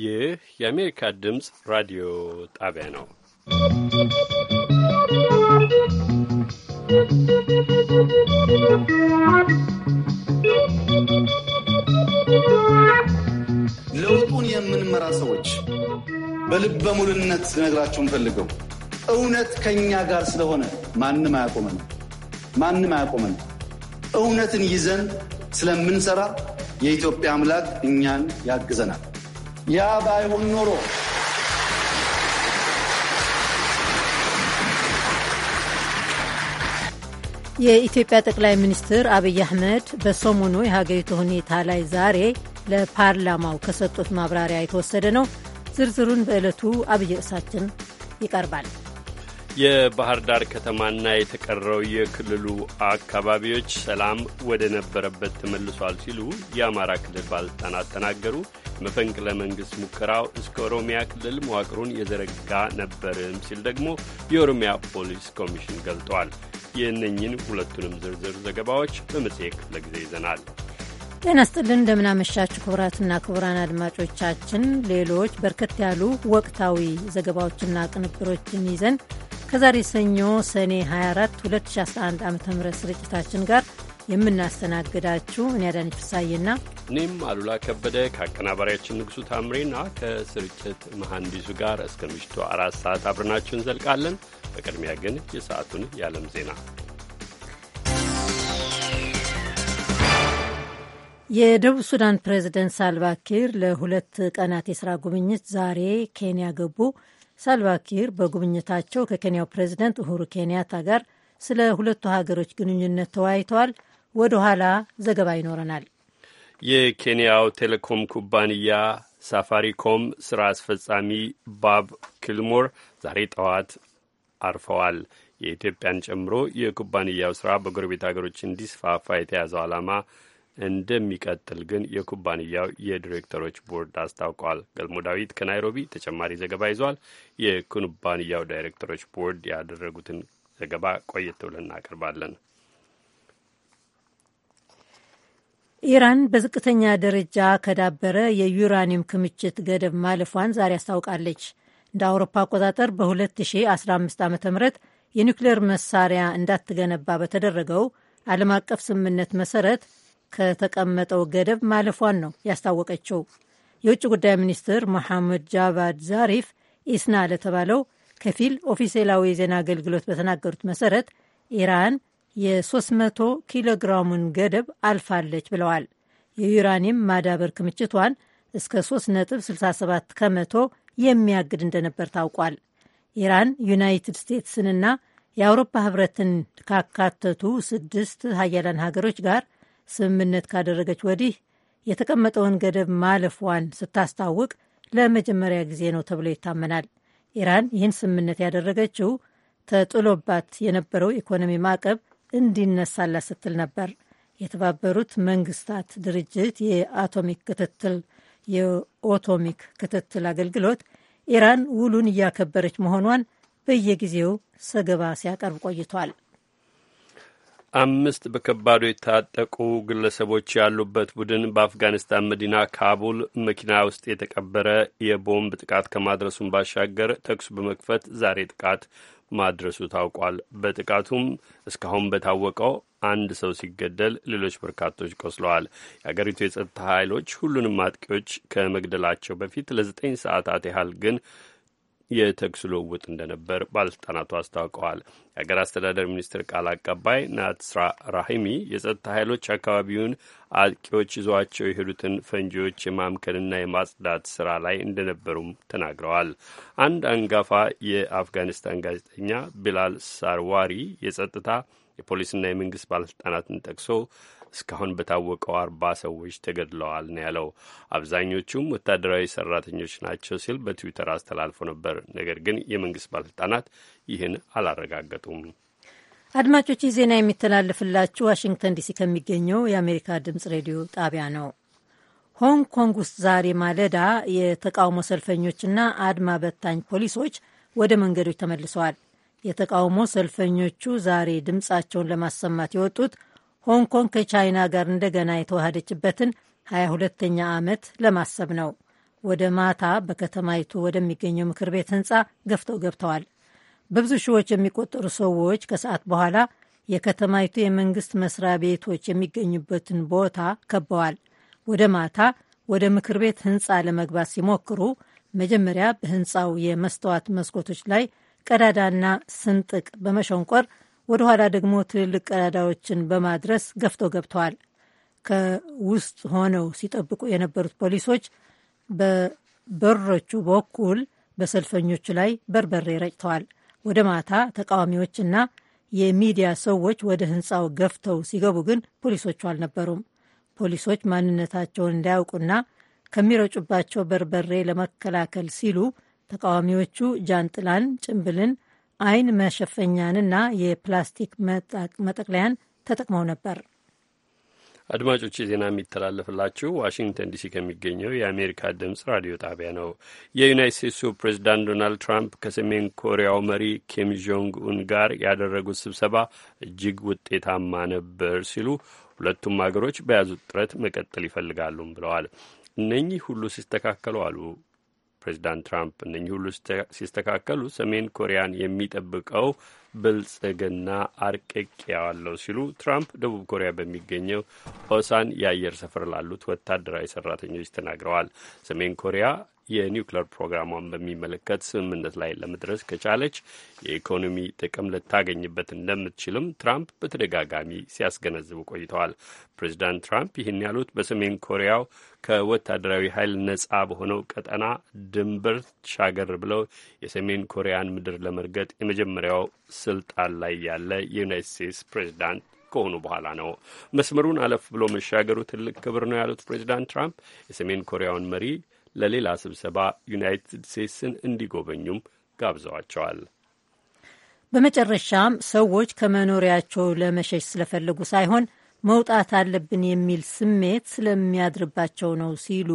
ይህ የአሜሪካ ድምፅ ራዲዮ ጣቢያ ነው። ለውጡን የምንመራ ሰዎች በልበ ሙሉነት ልነግራችሁ እንፈልገው እውነት ከእኛ ጋር ስለሆነ ማንም አያቆመን፣ ማንም አያቆመን። እውነትን ይዘን ስለምንሰራ የኢትዮጵያ አምላክ እኛን ያግዘናል። ያ ባይሆን ኖሮ የኢትዮጵያ ጠቅላይ ሚኒስትር አብይ አህመድ በሰሞኑ የሀገሪቱ ሁኔታ ላይ ዛሬ ለፓርላማው ከሰጡት ማብራሪያ የተወሰደ ነው። ዝርዝሩን በዕለቱ አብይ ርዕሳችን ይቀርባል። የባህር ዳር ከተማና የተቀረው የክልሉ አካባቢዎች ሰላም ወደ ነበረበት ተመልሷል ሲሉ የአማራ ክልል ባለሥልጣናት ተናገሩ። መፈንቅለ መንግሥት ሙከራው እስከ ኦሮሚያ ክልል መዋቅሩን የዘረጋ ነበርም ሲል ደግሞ የኦሮሚያ ፖሊስ ኮሚሽን ገልጧል። የእነኝን ሁለቱንም ዝርዝር ዘገባዎች በመጽሔት ክፍለ ጊዜ ይዘናል። ጤና ስጥልን እንደምናመሻችሁ ክቡራትና ክቡራን አድማጮቻችን ሌሎች በርከት ያሉ ወቅታዊ ዘገባዎችና ቅንብሮችን ይዘን ከዛሬ ሰኞ ሰኔ 24 2011 ዓ ም ስርጭታችን ጋር የምናስተናግዳችሁ እኔ አዳነች ፍሳዬና እኔም አሉላ ከበደ ከአቀናባሪያችን ንጉሱ ታምሬና ከስርጭት መሐንዲሱ ጋር እስከ ምሽቱ አራት ሰዓት አብረናችሁ እንዘልቃለን። በቅድሚያ ግን የሰዓቱን የዓለም ዜና የደቡብ ሱዳን ፕሬዝደንት ሳልቫኪር ለሁለት ቀናት የሥራ ጉብኝት ዛሬ ኬንያ ገቡ። ሳልቫኪር በጉብኝታቸው ከኬንያው ፕሬዚደንት ኡሁሩ ኬንያታ ጋር ስለ ሁለቱ ሀገሮች ግንኙነት ተወያይተዋል። ወደ ኋላ ዘገባ ይኖረናል። የኬንያው ቴሌኮም ኩባንያ ሳፋሪኮም ስራ አስፈጻሚ ባብ ኪልሞር ዛሬ ጠዋት አርፈዋል። የኢትዮጵያን ጨምሮ የኩባንያው ስራ በጎረቤት ሀገሮች እንዲስፋፋ የተያዘው ዓላማ እንደሚቀጥል ግን የኩባንያው የዲሬክተሮች ቦርድ አስታውቋል። ገልሞ ዳዊት ከናይሮቢ ተጨማሪ ዘገባ ይዟል። የኩባንያው ዳይሬክተሮች ቦርድ ያደረጉትን ዘገባ ቆየት ብለን እናቀርባለን። ኢራን በዝቅተኛ ደረጃ ከዳበረ የዩራኒየም ክምችት ገደብ ማለፏን ዛሬ አስታውቃለች። እንደ አውሮፓ አቆጣጠር በ2015 ዓ ም የኒውክሌር መሳሪያ እንዳትገነባ በተደረገው ዓለም አቀፍ ስምምነት መሰረት ከተቀመጠው ገደብ ማለፏን ነው ያስታወቀችው። የውጭ ጉዳይ ሚኒስትር መሐመድ ጃቫድ ዛሪፍ ኢስና ለተባለው ከፊል ኦፊሴላዊ የዜና አገልግሎት በተናገሩት መሰረት ኢራን የ300 ኪሎ ግራሙን ገደብ አልፋለች ብለዋል። የዩራኒየም ማዳበር ክምችቷን እስከ 3.67 ከመቶ የሚያግድ እንደነበር ታውቋል። ኢራን ዩናይትድ ስቴትስንና የአውሮፓ ህብረትን ካካተቱ ስድስት ሀያላን ሀገሮች ጋር ስምምነት ካደረገች ወዲህ የተቀመጠውን ገደብ ማለፏን ስታስታውቅ ለመጀመሪያ ጊዜ ነው ተብሎ ይታመናል። ኢራን ይህን ስምምነት ያደረገችው ተጥሎባት የነበረው ኢኮኖሚ ማዕቀብ እንዲነሳላት ስትል ነበር። የተባበሩት መንግስታት ድርጅት የአቶሚክ ክትትል የኦቶሚክ ክትትል አገልግሎት ኢራን ውሉን እያከበረች መሆኗን በየጊዜው ሰገባ ሲያቀርብ ቆይቷል። አምስት በከባዱ የታጠቁ ግለሰቦች ያሉበት ቡድን በአፍጋኒስታን መዲና ካቡል መኪና ውስጥ የተቀበረ የቦምብ ጥቃት ከማድረሱን ባሻገር ተኩስ በመክፈት ዛሬ ጥቃት ማድረሱ ታውቋል። በጥቃቱም እስካሁን በታወቀው አንድ ሰው ሲገደል ሌሎች በርካቶች ቆስለዋል። የአገሪቱ የጸጥታ ኃይሎች ሁሉንም አጥቂዎች ከመግደላቸው በፊት ለዘጠኝ ሰዓታት ያህል ግን የተኩስ ልውውጥ እንደነበር ባለስልጣናቱ አስታውቀዋል። የአገር አስተዳደር ሚኒስትር ቃል አቀባይ ናትስራ ራሂሚ የጸጥታ ኃይሎች አካባቢውን አጥቂዎች ይዘዋቸው የሄዱትን ፈንጂዎች የማምከንና የማጽዳት ስራ ላይ እንደነበሩም ተናግረዋል። አንድ አንጋፋ የአፍጋኒስታን ጋዜጠኛ ቢላል ሳርዋሪ የጸጥታ የፖሊስና የመንግስት ባለስልጣናትን ጠቅሶ እስካሁን በታወቀው አርባ ሰዎች ተገድለዋል ነው ያለው። አብዛኞቹም ወታደራዊ ሰራተኞች ናቸው ሲል በትዊተር አስተላልፎ ነበር። ነገር ግን የመንግስት ባለስልጣናት ይህን አላረጋገጡም። አድማጮች ይህ ዜና የሚተላለፍላችሁ ዋሽንግተን ዲሲ ከሚገኘው የአሜሪካ ድምጽ ሬዲዮ ጣቢያ ነው። ሆንግ ኮንግ ውስጥ ዛሬ ማለዳ የተቃውሞ ሰልፈኞችና አድማ በታኝ ፖሊሶች ወደ መንገዶች ተመልሰዋል። የተቃውሞ ሰልፈኞቹ ዛሬ ድምፃቸውን ለማሰማት የወጡት ሆንግ ኮንግ ከቻይና ጋር እንደገና የተዋሃደችበትን 22ተኛ ዓመት ለማሰብ ነው። ወደ ማታ በከተማይቱ ወደሚገኘው ምክር ቤት ህንፃ ገፍተው ገብተዋል። በብዙ ሺዎች የሚቆጠሩ ሰዎች ከሰዓት በኋላ የከተማይቱ የመንግስት መስሪያ ቤቶች የሚገኙበትን ቦታ ከበዋል። ወደ ማታ ወደ ምክር ቤት ህንፃ ለመግባት ሲሞክሩ መጀመሪያ በህንፃው የመስተዋት መስኮቶች ላይ ቀዳዳና ስንጥቅ በመሸንቆር ወደ ኋላ ደግሞ ትልልቅ ቀዳዳዎችን በማድረስ ገፍተው ገብተዋል። ከውስጥ ሆነው ሲጠብቁ የነበሩት ፖሊሶች በበሮቹ በኩል በሰልፈኞቹ ላይ በርበሬ ረጭተዋል። ወደ ማታ ተቃዋሚዎችና የሚዲያ ሰዎች ወደ ህንፃው ገፍተው ሲገቡ ግን ፖሊሶቹ አልነበሩም። ፖሊሶች ማንነታቸውን እንዳያውቁና ከሚረጩባቸው በርበሬ ለመከላከል ሲሉ ተቃዋሚዎቹ ጃንጥላን፣ ጭንብልን አይን መሸፈኛንና የፕላስቲክ መጠቅለያን ተጠቅመው ነበር። አድማጮች ዜና የሚተላለፍላችሁ ዋሽንግተን ዲሲ ከሚገኘው የአሜሪካ ድምጽ ራዲዮ ጣቢያ ነው። የዩናይት ስቴትሱ ፕሬዚዳንት ዶናልድ ትራምፕ ከሰሜን ኮሪያው መሪ ኪም ጆንግ ኡን ጋር ያደረጉት ስብሰባ እጅግ ውጤታማ ነበር ሲሉ ሁለቱም ሀገሮች በያዙት ጥረት መቀጠል ይፈልጋሉም ብለዋል። እነኚህ ሁሉ ሲስተካከሉ አሉ ፕሬዚዳንት ትራምፕ እነኚህ ሁሉ ሲስተካከሉ ሰሜን ኮሪያን የሚጠብቀው ብልጽግና አርቅቅ ያዋለው ሲሉ ትራምፕ ደቡብ ኮሪያ በሚገኘው ኦሳን የአየር ሰፈር ላሉት ወታደራዊ ሰራተኞች ተናግረዋል። ሰሜን ኮሪያ የኒውክሌር ፕሮግራሟን በሚመለከት ስምምነት ላይ ለመድረስ ከቻለች የኢኮኖሚ ጥቅም ልታገኝበት እንደምትችልም ትራምፕ በተደጋጋሚ ሲያስገነዝቡ ቆይተዋል። ፕሬዚዳንት ትራምፕ ይህን ያሉት በሰሜን ኮሪያው ከወታደራዊ ኃይል ነጻ በሆነው ቀጠና ድንበር ሻገር ብለው የሰሜን ኮሪያን ምድር ለመርገጥ የመጀመሪያው ስልጣን ላይ ያለ የዩናይት ስቴትስ ፕሬዚዳንት ከሆኑ በኋላ ነው። መስመሩን አለፍ ብሎ መሻገሩ ትልቅ ክብር ነው ያሉት ፕሬዚዳንት ትራምፕ የሰሜን ኮሪያውን መሪ ለሌላ ስብሰባ ዩናይትድ ስቴትስን እንዲጎበኙም ጋብዘዋቸዋል። በመጨረሻም ሰዎች ከመኖሪያቸው ለመሸሽ ስለፈለጉ ሳይሆን መውጣት አለብን የሚል ስሜት ስለሚያድርባቸው ነው ሲሉ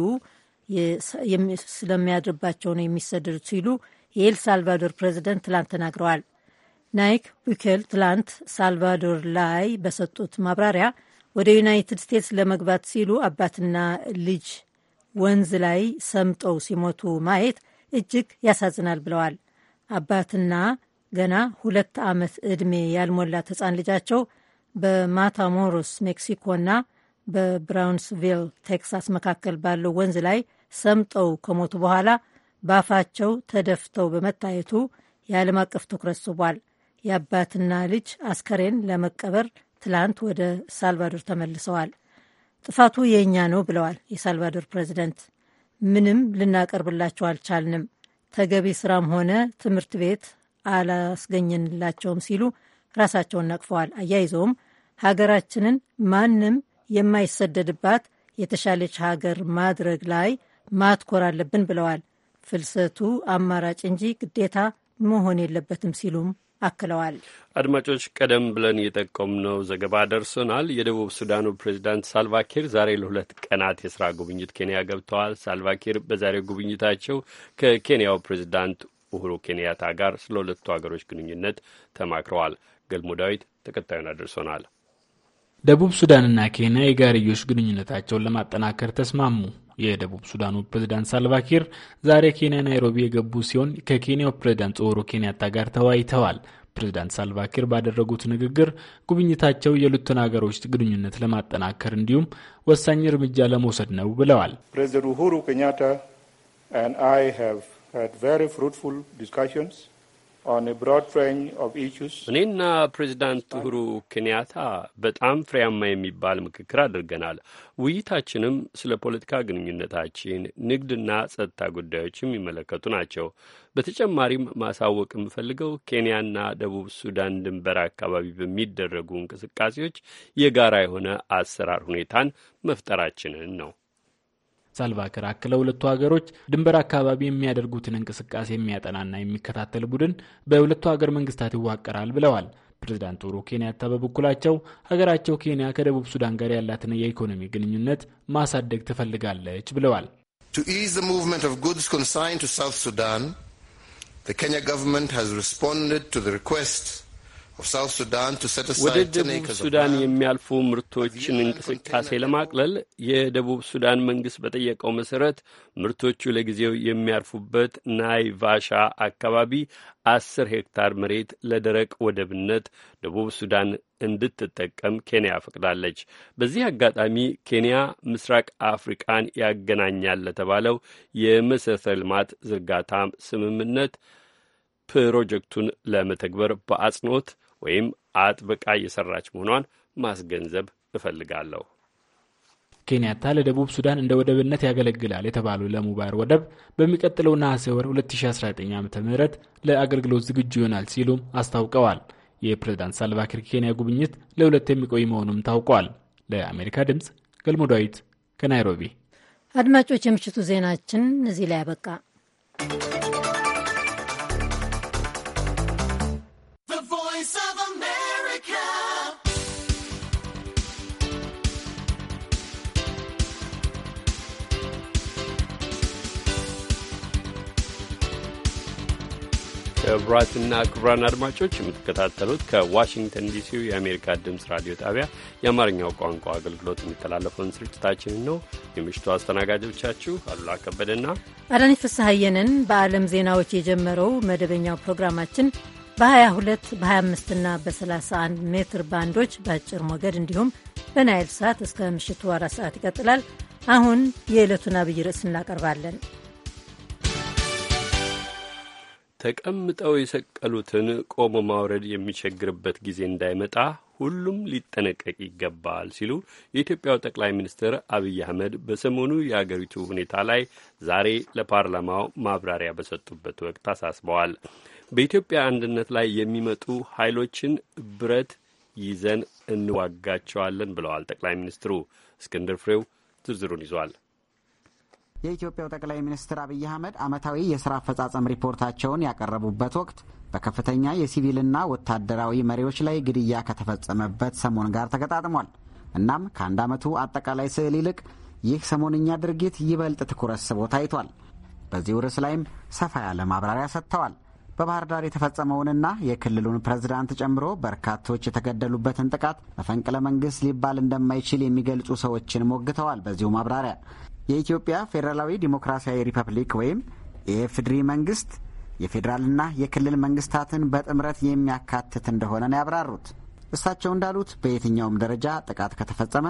ስለሚያድርባቸው ነው የሚሰደዱት ሲሉ የኤል ሳልቫዶር ፕሬዚደንት ትላንት ተናግረዋል። ናይክ ቡኬል ትላንት ሳልቫዶር ላይ በሰጡት ማብራሪያ ወደ ዩናይትድ ስቴትስ ለመግባት ሲሉ አባትና ልጅ ወንዝ ላይ ሰምጠው ሲሞቱ ማየት እጅግ ያሳዝናል ብለዋል። አባትና ገና ሁለት ዓመት ዕድሜ ያልሞላት ሕፃን ልጃቸው በማታሞሮስ ሜክሲኮና በብራውንስቪል ቴክሳስ መካከል ባለው ወንዝ ላይ ሰምጠው ከሞቱ በኋላ በአፋቸው ተደፍተው በመታየቱ የዓለም አቀፍ ትኩረት ስቧል። የአባትና ልጅ አስከሬን ለመቀበር ትላንት ወደ ሳልቫዶር ተመልሰዋል። ጥፋቱ የእኛ ነው ብለዋል የሳልቫዶር ፕሬዚደንት። ምንም ልናቀርብላቸው አልቻልንም፣ ተገቢ ስራም ሆነ ትምህርት ቤት አላስገኘንላቸውም ሲሉ ራሳቸውን ነቅፈዋል። አያይዘውም ሀገራችንን ማንም የማይሰደድባት የተሻለች ሀገር ማድረግ ላይ ማትኮር አለብን ብለዋል። ፍልሰቱ አማራጭ እንጂ ግዴታ መሆን የለበትም ሲሉም አክለዋል። አድማጮች፣ ቀደም ብለን የጠቆምነው ዘገባ ደርሶናል። የደቡብ ሱዳኑ ፕሬዚዳንት ሳልቫኪር ዛሬ ለሁለት ቀናት የስራ ጉብኝት ኬንያ ገብተዋል። ሳልቫኪር በዛሬው ጉብኝታቸው ከኬንያው ፕሬዚዳንት ኡሁሩ ኬንያታ ጋር ስለ ሁለቱ ሀገሮች ግንኙነት ተማክረዋል። ገልሞ ዳዊት ተከታዩን አድርሶናል። ደቡብ ሱዳንና ኬንያ የጋርዮሽ ግንኙነታቸውን ለማጠናከር ተስማሙ። የደቡብ ሱዳኑ ፕሬዝዳንት ሳልቫኪር ዛሬ ኬንያ ናይሮቢ የገቡ ሲሆን ከኬንያው ፕሬዝዳንት ኡሁሩ ኬንያታ ጋር ተወያይተዋል። ፕሬዝዳንት ሳልቫኪር ባደረጉት ንግግር ጉብኝታቸው የሁለቱን ሀገሮች ግንኙነት ለማጠናከር እንዲሁም ወሳኝ እርምጃ ለመውሰድ ነው ብለዋል። ፕሬዚዳንት ኡሁሩ ኬንያታ እኔና ፕሬዚዳንት ኡሁሩ ኬንያታ በጣም ፍሬያማ የሚባል ምክክር አድርገናል። ውይይታችንም ስለ ፖለቲካ ግንኙነታችን፣ ንግድና ጸጥታ ጉዳዮች የሚመለከቱ ናቸው። በተጨማሪም ማሳወቅ የምፈልገው ኬንያና ደቡብ ሱዳን ድንበር አካባቢ በሚደረጉ እንቅስቃሴዎች የጋራ የሆነ አሰራር ሁኔታን መፍጠራችንን ነው። ሳልቫኪር አክለው ሁለቱ ሀገሮች ድንበር አካባቢ የሚያደርጉትን እንቅስቃሴ የሚያጠናና የሚከታተል ቡድን በሁለቱ ሀገር መንግስታት ይዋቀራል ብለዋል። ፕሬዚዳንት ኡሁሩ ኬንያታ በበኩላቸው ሀገራቸው ኬንያ ከደቡብ ሱዳን ጋር ያላትን የኢኮኖሚ ግንኙነት ማሳደግ ትፈልጋለች ብለዋል። To ease the movement of goods consigned to South Sudan, the Kenya government has responded to the request ወደ ደቡብ ሱዳን የሚያልፉ ምርቶችን እንቅስቃሴ ለማቅለል የደቡብ ሱዳን መንግስት በጠየቀው መሰረት ምርቶቹ ለጊዜው የሚያርፉበት ናይ ቫሻ አካባቢ አስር ሄክታር መሬት ለደረቅ ወደብነት ደቡብ ሱዳን እንድትጠቀም ኬንያ ፈቅዳለች። በዚህ አጋጣሚ ኬንያ ምስራቅ አፍሪቃን ያገናኛል ለተባለው የመሠረተ ልማት ዝርጋታ ስምምነት ፕሮጀክቱን ለመተግበር በአጽንኦት ወይም አጥብቃ እየሰራች መሆኗን ማስገንዘብ እፈልጋለሁ። ኬንያታ ለደቡብ ሱዳን እንደ ወደብነት ያገለግላል የተባለው ለሙባይር ወደብ በሚቀጥለው ነሐሴ ወር 2019 ዓ ም ለአገልግሎት ዝግጁ ይሆናል ሲሉም አስታውቀዋል። የፕሬዝዳንት ሳልቫኪር ኬንያ ጉብኝት ለሁለት የሚቆይ መሆኑም ታውቋል። ለአሜሪካ ድምፅ ገልሞ ዳዊት ከናይሮቢ። አድማጮች፣ የምሽቱ ዜናችን እዚህ ላይ you. ክቡራትና ክቡራን አድማጮች የምትከታተሉት ከዋሽንግተን ዲሲው የአሜሪካ ድምፅ ራዲዮ ጣቢያ የአማርኛው ቋንቋ አገልግሎት የሚተላለፈውን ስርጭታችንን ነው። የምሽቱ አስተናጋጆቻችሁ አሉላ ከበደና አዳነች ፍስሐየንን። በዓለም ዜናዎች የጀመረው መደበኛው ፕሮግራማችን በ22 በ25ና በ31 ሜትር ባንዶች በአጭር ሞገድ እንዲሁም በናይል ሰዓት እስከ ምሽቱ አራት ሰዓት ይቀጥላል። አሁን የዕለቱን አብይ ርዕስ እናቀርባለን። ተቀምጠው የሰቀሉትን ቆሞ ማውረድ የሚቸግርበት ጊዜ እንዳይመጣ ሁሉም ሊጠነቀቅ ይገባል ሲሉ የኢትዮጵያው ጠቅላይ ሚኒስትር አብይ አህመድ በሰሞኑ የአገሪቱ ሁኔታ ላይ ዛሬ ለፓርላማው ማብራሪያ በሰጡበት ወቅት አሳስበዋል። በኢትዮጵያ አንድነት ላይ የሚመጡ ኃይሎችን ብረት ይዘን እንዋጋቸዋለን ብለዋል ጠቅላይ ሚኒስትሩ። እስክንድር ፍሬው ዝርዝሩን ይዟል። የኢትዮጵያው ጠቅላይ ሚኒስትር አብይ አህመድ ዓመታዊ የሥራ አፈጻጸም ሪፖርታቸውን ያቀረቡበት ወቅት በከፍተኛ የሲቪልና ወታደራዊ መሪዎች ላይ ግድያ ከተፈጸመበት ሰሞን ጋር ተገጣጥሟል። እናም ከአንድ አመቱ አጠቃላይ ስዕል ይልቅ ይህ ሰሞንኛ ድርጊት ይበልጥ ትኩረት ስቦ ታይቷል። በዚሁ ርዕስ ላይም ሰፋ ያለ ማብራሪያ ሰጥተዋል። በባህር ዳር የተፈጸመውንና የክልሉን ፕሬዝዳንት ጨምሮ በርካቶች የተገደሉበትን ጥቃት መፈንቅለ መንግስት ሊባል እንደማይችል የሚገልጹ ሰዎችን ሞግተዋል። በዚሁ ማብራሪያ የኢትዮጵያ ፌዴራላዊ ዲሞክራሲያዊ ሪፐብሊክ ወይም የኤፍድሪ መንግስት የፌዴራልና የክልል መንግስታትን በጥምረት የሚያካትት እንደሆነ ነው ያብራሩት። እሳቸው እንዳሉት በየትኛውም ደረጃ ጥቃት ከተፈጸመ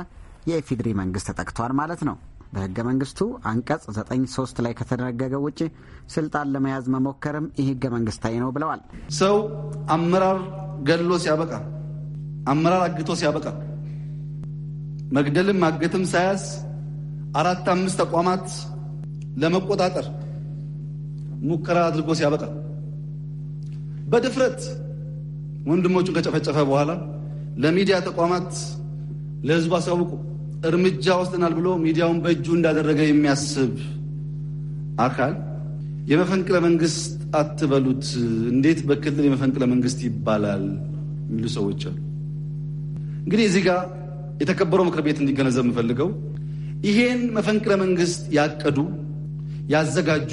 የኢፌዴሪ መንግስት ተጠቅቷል ማለት ነው። በህገ መንግስቱ አንቀጽ ዘጠኝ ላይ ከተደነገገው ውጭ ስልጣን ለመያዝ መሞከርም ይህ ህገ መንግስታዊ ነው ብለዋል። ሰው አመራር ገድሎ ሲያበቃ፣ አመራር አግቶ ሲያበቃ፣ መግደልም ማገትም ሳያዝ አራት አምስት ተቋማት ለመቆጣጠር ሙከራ አድርጎ ሲያበቃ በድፍረት ወንድሞቹን ከጨፈጨፈ በኋላ ለሚዲያ ተቋማት ለሕዝቡ አሳውቁ እርምጃ ወስደናል ብሎ ሚዲያውን በእጁ እንዳደረገ የሚያስብ አካል የመፈንቅለ መንግስት አትበሉት፣ እንዴት በክልል የመፈንቅለ መንግስት ይባላል የሚሉ ሰዎች አሉ። እንግዲህ እዚህ ጋር የተከበረው ምክር ቤት እንዲገነዘብ የምፈልገው ይሄን መፈንቅለ መንግስት ያቀዱ ያዘጋጁ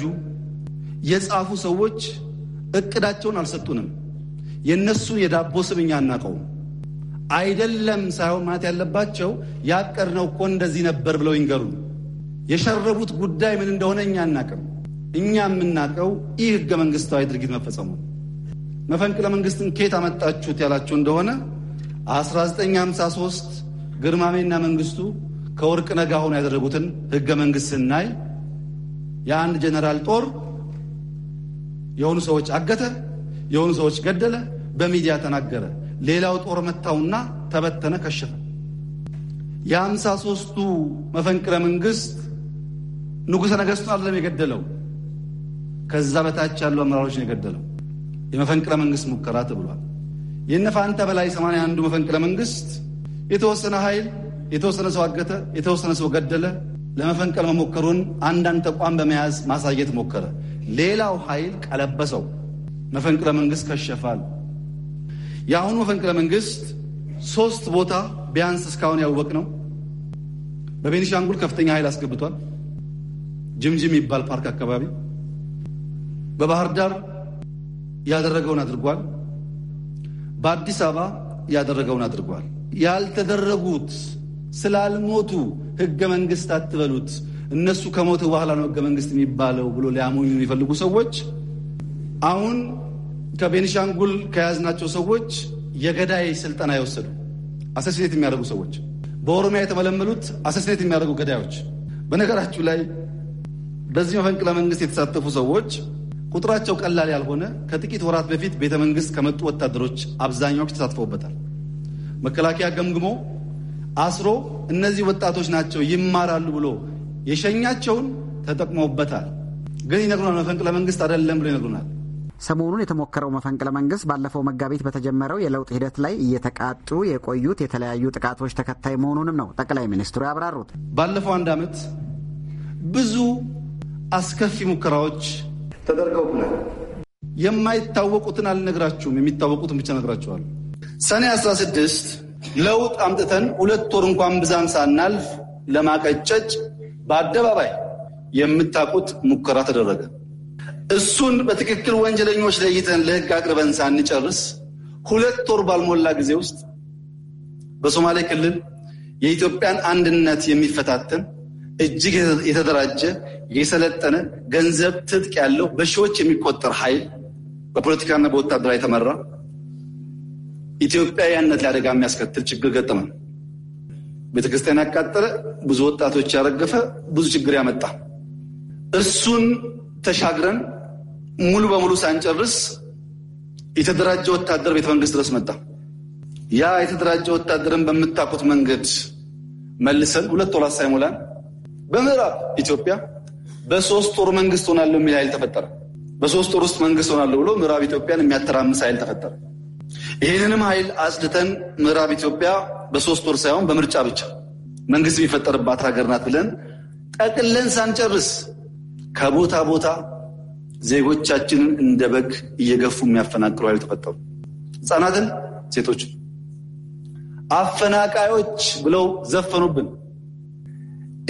የጻፉ ሰዎች እቅዳቸውን አልሰጡንም። የእነሱ የዳቦ ስም እኛ አናውቀውም። አይደለም ሳይሆን ማለት ያለባቸው ያቀድነው እኮ እንደዚህ ነበር ብለው ይንገሩ። የሸረቡት ጉዳይ ምን እንደሆነ እኛ አናውቅም። እኛ የምናቀው ይህ ህገ መንግስታዊ ድርጊት መፈጸሙ። መፈንቅለ መንግስትን ኬት አመጣችሁት ያላችሁ እንደሆነ 1953 ግርማሜና መንግስቱ ከወርቅ ነጋ ሆኖ ያደረጉትን ህገ መንግስት ስናይ የአንድ ጀነራል ጦር የሆኑ ሰዎች አገተ፣ የሆኑ ሰዎች ገደለ፣ በሚዲያ ተናገረ። ሌላው ጦር መታውና ተበተነ፣ ከሸፈ። የአምሳ ሶስቱ መፈንቅለ መንግስት ንጉሠ ነገሥቱን አይደለም የገደለው፣ ከዛ በታች ያሉ ነው የገደለው የመፈንቅለ መንግስት ሙከራ ተብሏል። የነፋንተ በላይ ሰማንያ አንዱ መፈንቅለ መንግስት የተወሰነ ኃይል የተወሰነ ሰው አገተ፣ የተወሰነ ሰው ገደለ፣ ለመፈንቀል መሞከሩን አንዳንድ ተቋም በመያዝ ማሳየት ሞከረ። ሌላው ኃይል ቀለበሰው፣ መፈንቅለ መንግስት ከሸፋል። የአሁኑ መፈንቅለ መንግስት ሶስት ቦታ ቢያንስ እስካሁን ያወቅ ነው። በቤኒሻንጉል ከፍተኛ ኃይል አስገብቷል። ጅምጅም የሚባል ፓርክ አካባቢ፣ በባህር ዳር ያደረገውን አድርጓል። በአዲስ አበባ ያደረገውን አድርጓል። ያልተደረጉት ስላልሞቱ ህገ መንግስት አትበሉት፣ እነሱ ከሞተ በኋላ ነው ህገ መንግስት የሚባለው ብሎ ሊያሞኙ የሚፈልጉ ሰዎች አሁን ከቤኒሻንጉል ከያዝናቸው ሰዎች የገዳይ ስልጠና የወሰዱ አሰስኔት የሚያደርጉ ሰዎች በኦሮሚያ የተመለመሉት አሰስኔት የሚያደርጉ ገዳዮች። በነገራችሁ ላይ በዚህ መፈንቅለ መንግስት የተሳተፉ ሰዎች ቁጥራቸው ቀላል ያልሆነ ከጥቂት ወራት በፊት ቤተ መንግስት ከመጡ ወታደሮች አብዛኛዎች ተሳትፈውበታል። መከላከያ ገምግሞ አስሮ እነዚህ ወጣቶች ናቸው ይማራሉ ብሎ የሸኛቸውን ተጠቅመውበታል። ግን ይነግሩናል፣ መፈንቅለ መንግስት አይደለም ብሎ ይነግሩናል። ሰሞኑን የተሞከረው መፈንቅለ መንግስት ባለፈው መጋቢት በተጀመረው የለውጥ ሂደት ላይ እየተቃጡ የቆዩት የተለያዩ ጥቃቶች ተከታይ መሆኑንም ነው ጠቅላይ ሚኒስትሩ ያብራሩት። ባለፈው አንድ ዓመት ብዙ አስከፊ ሙከራዎች ተደርገውብናል። የማይታወቁትን አልነግራችሁም፣ የሚታወቁትን ብቻ ነግራችኋል። ሰኔ 16 ለውጥ አምጥተን ሁለት ወር እንኳን ብዛም ሳናልፍ ለማቀጨጭ በአደባባይ የምታውቁት ሙከራ ተደረገ። እሱን በትክክል ወንጀለኞች ለይተን ለሕግ አቅርበን ሳንጨርስ ሁለት ወር ባልሞላ ጊዜ ውስጥ በሶማሌ ክልል የኢትዮጵያን አንድነት የሚፈታተን እጅግ የተደራጀ የሰለጠነ ገንዘብ ትጥቅ ያለው በሺዎች የሚቆጠር ኃይል በፖለቲካና በወታደራ የተመራ ኢትዮጵያውያንነት ላይ አደጋ የሚያስከትል ችግር ገጠመን። ቤተክርስቲያን ያቃጠለ፣ ብዙ ወጣቶች ያረገፈ፣ ብዙ ችግር ያመጣ እሱን ተሻግረን ሙሉ በሙሉ ሳንጨርስ የተደራጀ ወታደር ቤተ መንግስት ድረስ መጣ። ያ የተደራጀ ወታደርን በምታውቁት መንገድ መልሰን ሁለት ወራት ሳይሞላን በምዕራብ ኢትዮጵያ በሶስት ጦር መንግስት ሆናለሁ የሚል ኃይል ተፈጠረ። በሶስት ጦር ውስጥ መንግስት ሆናለሁ ብሎ ምዕራብ ኢትዮጵያን የሚያተራምስ ኃይል ተፈጠረ። ይህንንም ኃይል አጽድተን ምዕራብ ኢትዮጵያ በሶስት ወር ሳይሆን በምርጫ ብቻ መንግስት የሚፈጠርባት ሀገር ናት ብለን ጠቅለን ሳንጨርስ ከቦታ ቦታ ዜጎቻችንን እንደ በግ እየገፉ የሚያፈናቅሉ ኃይል ተፈጠሩ። ህፃናትን፣ ሴቶችን አፈናቃዮች ብለው ዘፈኑብን።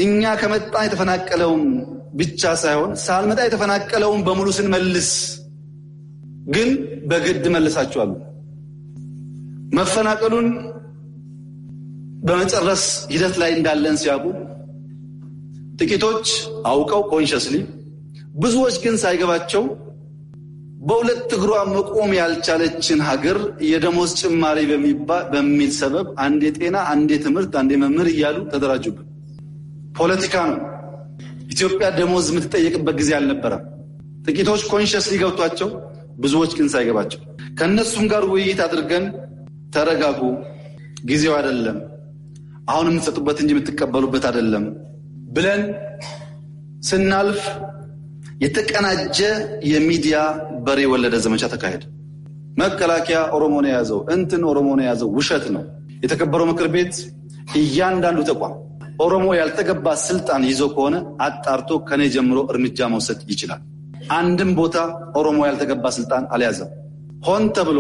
እኛ ከመጣ የተፈናቀለውን ብቻ ሳይሆን ሳልመጣ የተፈናቀለውን በሙሉ ስንመልስ ግን በግድ መልሳችኋል። መፈናቀሉን በመጨረስ ሂደት ላይ እንዳለን ሲያውቁ ጥቂቶች አውቀው ኮንሸስሊ፣ ብዙዎች ግን ሳይገባቸው በሁለት እግሯ መቆም ያልቻለችን ሀገር የደሞዝ ጭማሪ በሚል ሰበብ አንዴ ጤና፣ አንዴ ትምህርት፣ አንዴ መምህር እያሉ ተደራጁብን። ፖለቲካ ነው። ኢትዮጵያ ደሞዝ የምትጠየቅበት ጊዜ አልነበረም። ጥቂቶች ኮንሸስሊ ገብቷቸው ብዙዎች ግን ሳይገባቸው ከእነሱም ጋር ውይይት አድርገን ተረጋጉ፣ ጊዜው አይደለም፣ አሁን የምትሰጡበት እንጂ የምትቀበሉበት አይደለም ብለን ስናልፍ የተቀናጀ የሚዲያ በሬ ወለደ ዘመቻ ተካሄደ። መከላከያ ነው የያዘው እንትን ኦሮሞን የያዘው ውሸት ነው። የተከበረው ምክር ቤት እያንዳንዱ ተቋም ኦሮሞ ያልተገባ ስልጣን ይዞ ከሆነ አጣርቶ ከኔ ጀምሮ እርምጃ መውሰድ ይችላል። አንድም ቦታ ኦሮሞ ያልተገባ ስልጣን አልያዘም። ሆን ተብሎ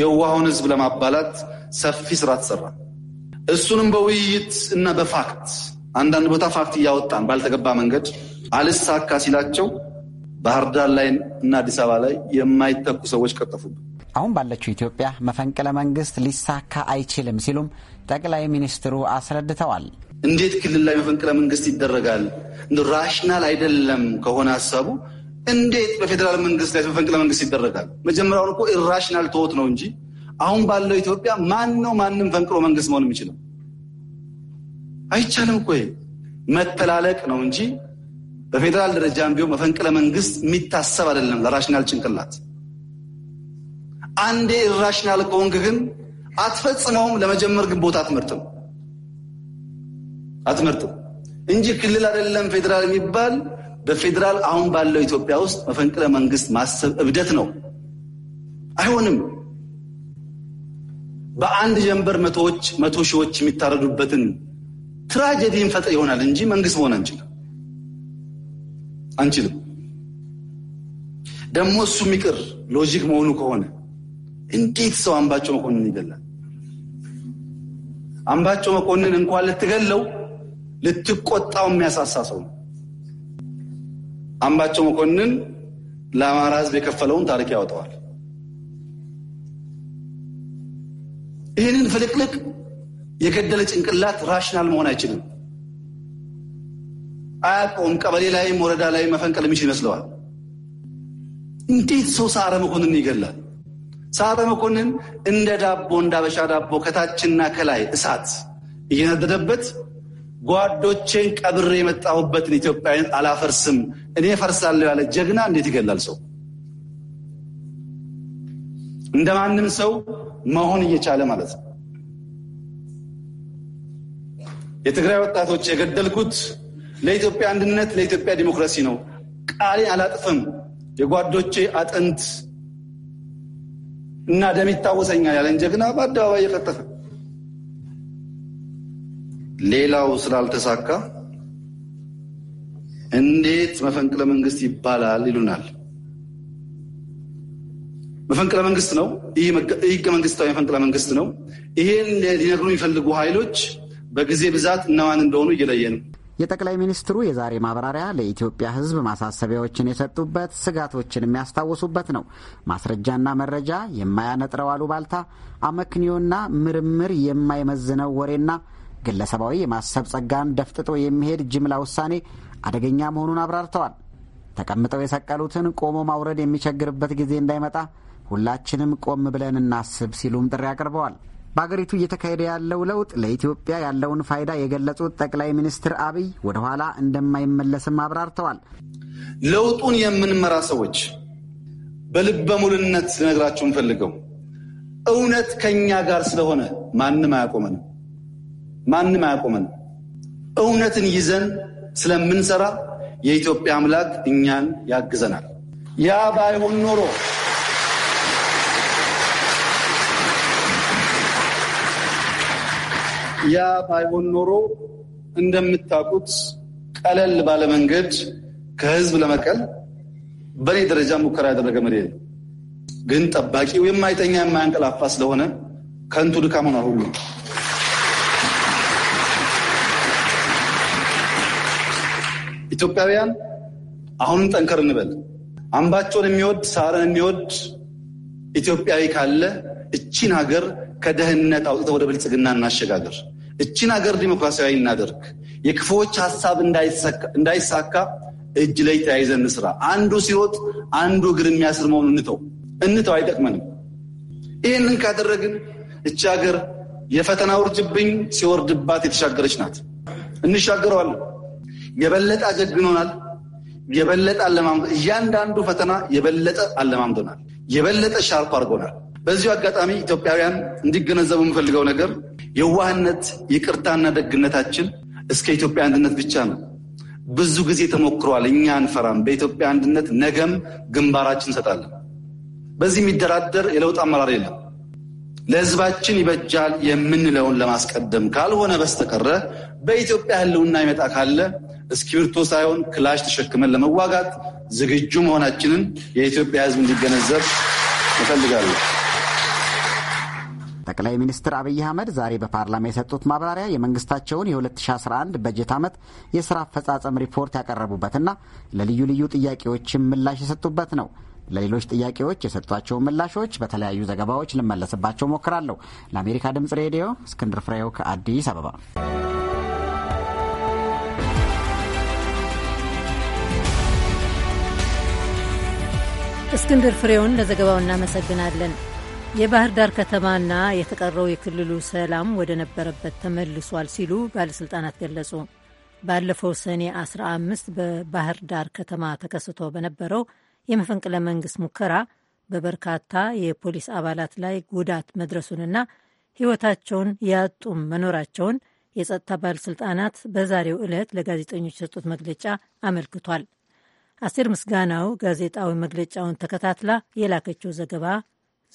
የዋሆን ህዝብ ለማባላት ሰፊ ስራ ተሰራ። እሱንም በውይይት እና በፋክት አንዳንድ ቦታ ፋክት እያወጣን ባልተገባ መንገድ አልሳካ ሲላቸው ባህር ዳር ላይ እና አዲስ አበባ ላይ የማይተኩ ሰዎች ቀጠፉብን። አሁን ባለችው ኢትዮጵያ መፈንቅለ መንግስት ሊሳካ አይችልም ሲሉም ጠቅላይ ሚኒስትሩ አስረድተዋል። እንዴት ክልል ላይ መፈንቅለ መንግስት ይደረጋል? ራሽናል አይደለም ከሆነ ሀሳቡ እንዴት በፌዴራል መንግስት ላይ መፈንቅለ መንግስት ይደረጋል? መጀመሪያውን እኮ ኢራሽናል ተወት ነው እንጂ አሁን ባለው ኢትዮጵያ ማን ነው ማንም ፈንቅሎ መንግስት መሆን የሚችለው? አይቻልም እኮ መተላለቅ ነው እንጂ በፌዴራል ደረጃ ቢሆን መፈንቅለ መንግስት የሚታሰብ አይደለም ለራሽናል ጭንቅላት። አንዴ ኢራሽናል ከሆንክ ግን አትፈጽመውም። ለመጀመር ግን ቦታ አትመርጥም አትመርጥም እንጂ ክልል አይደለም ፌዴራል የሚባል በፌዴራል አሁን ባለው ኢትዮጵያ ውስጥ መፈንቅለ መንግስት ማሰብ እብደት ነው። አይሆንም። በአንድ ጀንበር መቶዎች መቶ ሺዎች የሚታረዱበትን ትራጀዲ እንፈጥር ይሆናል እንጂ መንግስት መሆን አንችልም አንችልም። ደግሞ እሱ የሚቅር ሎጂክ መሆኑ ከሆነ እንዴት ሰው አምባቸው መኮንን ይገላል? አምባቸው መኮንን እንኳን ልትገለው ልትቆጣው የሚያሳሳ ሰው ነው። አምባቸው መኮንን ለአማራ ህዝብ የከፈለውን ታሪክ ያወጣዋል። ይህንን ፍልቅልቅ የገደለ ጭንቅላት ራሽናል መሆን አይችልም። አያውቀውም። ቀበሌ ላይም ወረዳ ላይ መፈንቀል የሚችል ይመስለዋል። እንዴት ሰው ሳረ መኮንን ይገላል? ሳረ መኮንን እንደ ዳቦ እንደ ዳቦ ከታችና ከላይ እሳት እየነደደበት ጓዶቼን ቀብሬ የመጣሁበትን ኢትዮጵያን አላፈርስም እኔ ፈርሳለሁ ያለ ጀግና እንዴት ይገላል? ሰው እንደ ማንም ሰው መሆን እየቻለ ማለት ነው። የትግራይ ወጣቶች የገደልኩት ለኢትዮጵያ አንድነት፣ ለኢትዮጵያ ዲሞክራሲ ነው። ቃሌን አላጥፍም። የጓዶቼ አጥንት እና ደም ይታወሰኛል ያለን ጀግና በአደባባይ እየቀጠፈ ሌላው ስላልተሳካ እንዴት መፈንቅለ መንግስት ይባላል ይሉናል። መፈንቅለ መንግስት ነው። ይህ ህገ መንግስታዊ መፈንቅለ መንግስት ነው። ይሄን ሊነግሩ የሚፈልጉ ኃይሎች በጊዜ ብዛት እነማን እንደሆኑ እየለየ ነው። የጠቅላይ ሚኒስትሩ የዛሬ ማብራሪያ ለኢትዮጵያ ሕዝብ ማሳሰቢያዎችን የሰጡበት ስጋቶችን የሚያስታውሱበት ነው። ማስረጃና መረጃ የማያነጥረው አሉባልታ፣ አመክንዮና ምርምር የማይመዝነው ወሬና ግለሰባዊ የማሰብ ጸጋን ደፍጥጦ የሚሄድ ጅምላ ውሳኔ አደገኛ መሆኑን አብራርተዋል። ተቀምጠው የሰቀሉትን ቆሞ ማውረድ የሚቸግርበት ጊዜ እንዳይመጣ ሁላችንም ቆም ብለን እናስብ ሲሉም ጥሪ አቅርበዋል። በአገሪቱ እየተካሄደ ያለው ለውጥ ለኢትዮጵያ ያለውን ፋይዳ የገለጹት ጠቅላይ ሚኒስትር አብይ ወደ ኋላ እንደማይመለስም አብራርተዋል። ለውጡን የምንመራ ሰዎች በልበ ሙልነት ልነግራችሁ እንፈልገው እውነት ከእኛ ጋር ስለሆነ ማንም አያቆመንም። ማንም አያቆመን። እውነትን ይዘን ስለምንሰራ የኢትዮጵያ አምላክ እኛን ያግዘናል። ያ ባይሆን ኖሮ ያ ባይሆን ኖሮ እንደምታውቁት ቀለል ባለመንገድ ከህዝብ ለመቀል በእኔ ደረጃ ሙከራ ያደረገ መሪ የለም። ግን ጠባቂው የማይተኛ የማያንቀላፋ ስለሆነ ከንቱ ድካም ሆኗል ሁሉ ኢትዮጵያውያን አሁንም ጠንከር እንበል። አምባቸውን የሚወድ ሳርን የሚወድ ኢትዮጵያዊ ካለ እቺን ሀገር ከደህንነት አውጥተ ወደ ብልጽግና እናሸጋግር። እቺን ሀገር ዲሞክራሲያዊ እናደርግ። የክፉዎች ሀሳብ እንዳይሳካ እጅ ላይ ተያይዘን እንስራ። አንዱ ሲወጥ አንዱ እግር የሚያስር መሆኑ እንተው እንተው፣ አይጠቅመንም። ይህንን ካደረግን እቺ ሀገር የፈተና ውርጅብኝ ሲወርድባት የተሻገረች ናት። እንሻገረዋለን። የበለጠ አጀግኖናል፣ የበለጠ አለማምዶ እያንዳንዱ ፈተና የበለጠ አለማምዶናል፣ የበለጠ ሻርፕ አድርጎናል። በዚሁ አጋጣሚ ኢትዮጵያውያን እንዲገነዘቡ የምፈልገው ነገር የዋህነት ይቅርታና ደግነታችን እስከ ኢትዮጵያ አንድነት ብቻ ነው። ብዙ ጊዜ ተሞክሯል። እኛ አንፈራም። በኢትዮጵያ አንድነት ነገም ግንባራችን እንሰጣለን። በዚህ የሚደራደር የለውጥ አመራር የለም። ለሕዝባችን ይበጃል የምንለውን ለማስቀደም ካልሆነ በስተቀረ በኢትዮጵያ ሕልውና ይመጣ ካለ እስክሪብቶ ሳይሆን ክላሽ ተሸክመን ለመዋጋት ዝግጁ መሆናችንን የኢትዮጵያ ሕዝብ እንዲገነዘብ እፈልጋለሁ። ጠቅላይ ሚኒስትር አብይ አህመድ ዛሬ በፓርላማ የሰጡት ማብራሪያ የመንግስታቸውን የ2011 በጀት ዓመት የስራ አፈጻጸም ሪፖርት ያቀረቡበትና ለልዩ ልዩ ጥያቄዎችም ምላሽ የሰጡበት ነው። ለሌሎች ጥያቄዎች የሰጧቸውን ምላሾች በተለያዩ ዘገባዎች ልመለስባቸው ሞክራለሁ። ለአሜሪካ ድምጽ ሬዲዮ እስክንድር ፍሬው ከአዲስ አበባ እስክንድር ፍሬውን ለዘገባው እናመሰግናለን። የባህር ዳር ከተማና የተቀረው የክልሉ ሰላም ወደ ነበረበት ተመልሷል ሲሉ ባለሥልጣናት ገለጹ። ባለፈው ሰኔ 15 በባህር ዳር ከተማ ተከስቶ በነበረው የመፈንቅለ መንግሥት ሙከራ በበርካታ የፖሊስ አባላት ላይ ጉዳት መድረሱንና ሕይወታቸውን ያጡም መኖራቸውን የጸጥታ ባለሥልጣናት በዛሬው ዕለት ለጋዜጠኞች የሰጡት መግለጫ አመልክቷል። አስቴር ምስጋናው ጋዜጣዊ መግለጫውን ተከታትላ የላከችው ዘገባ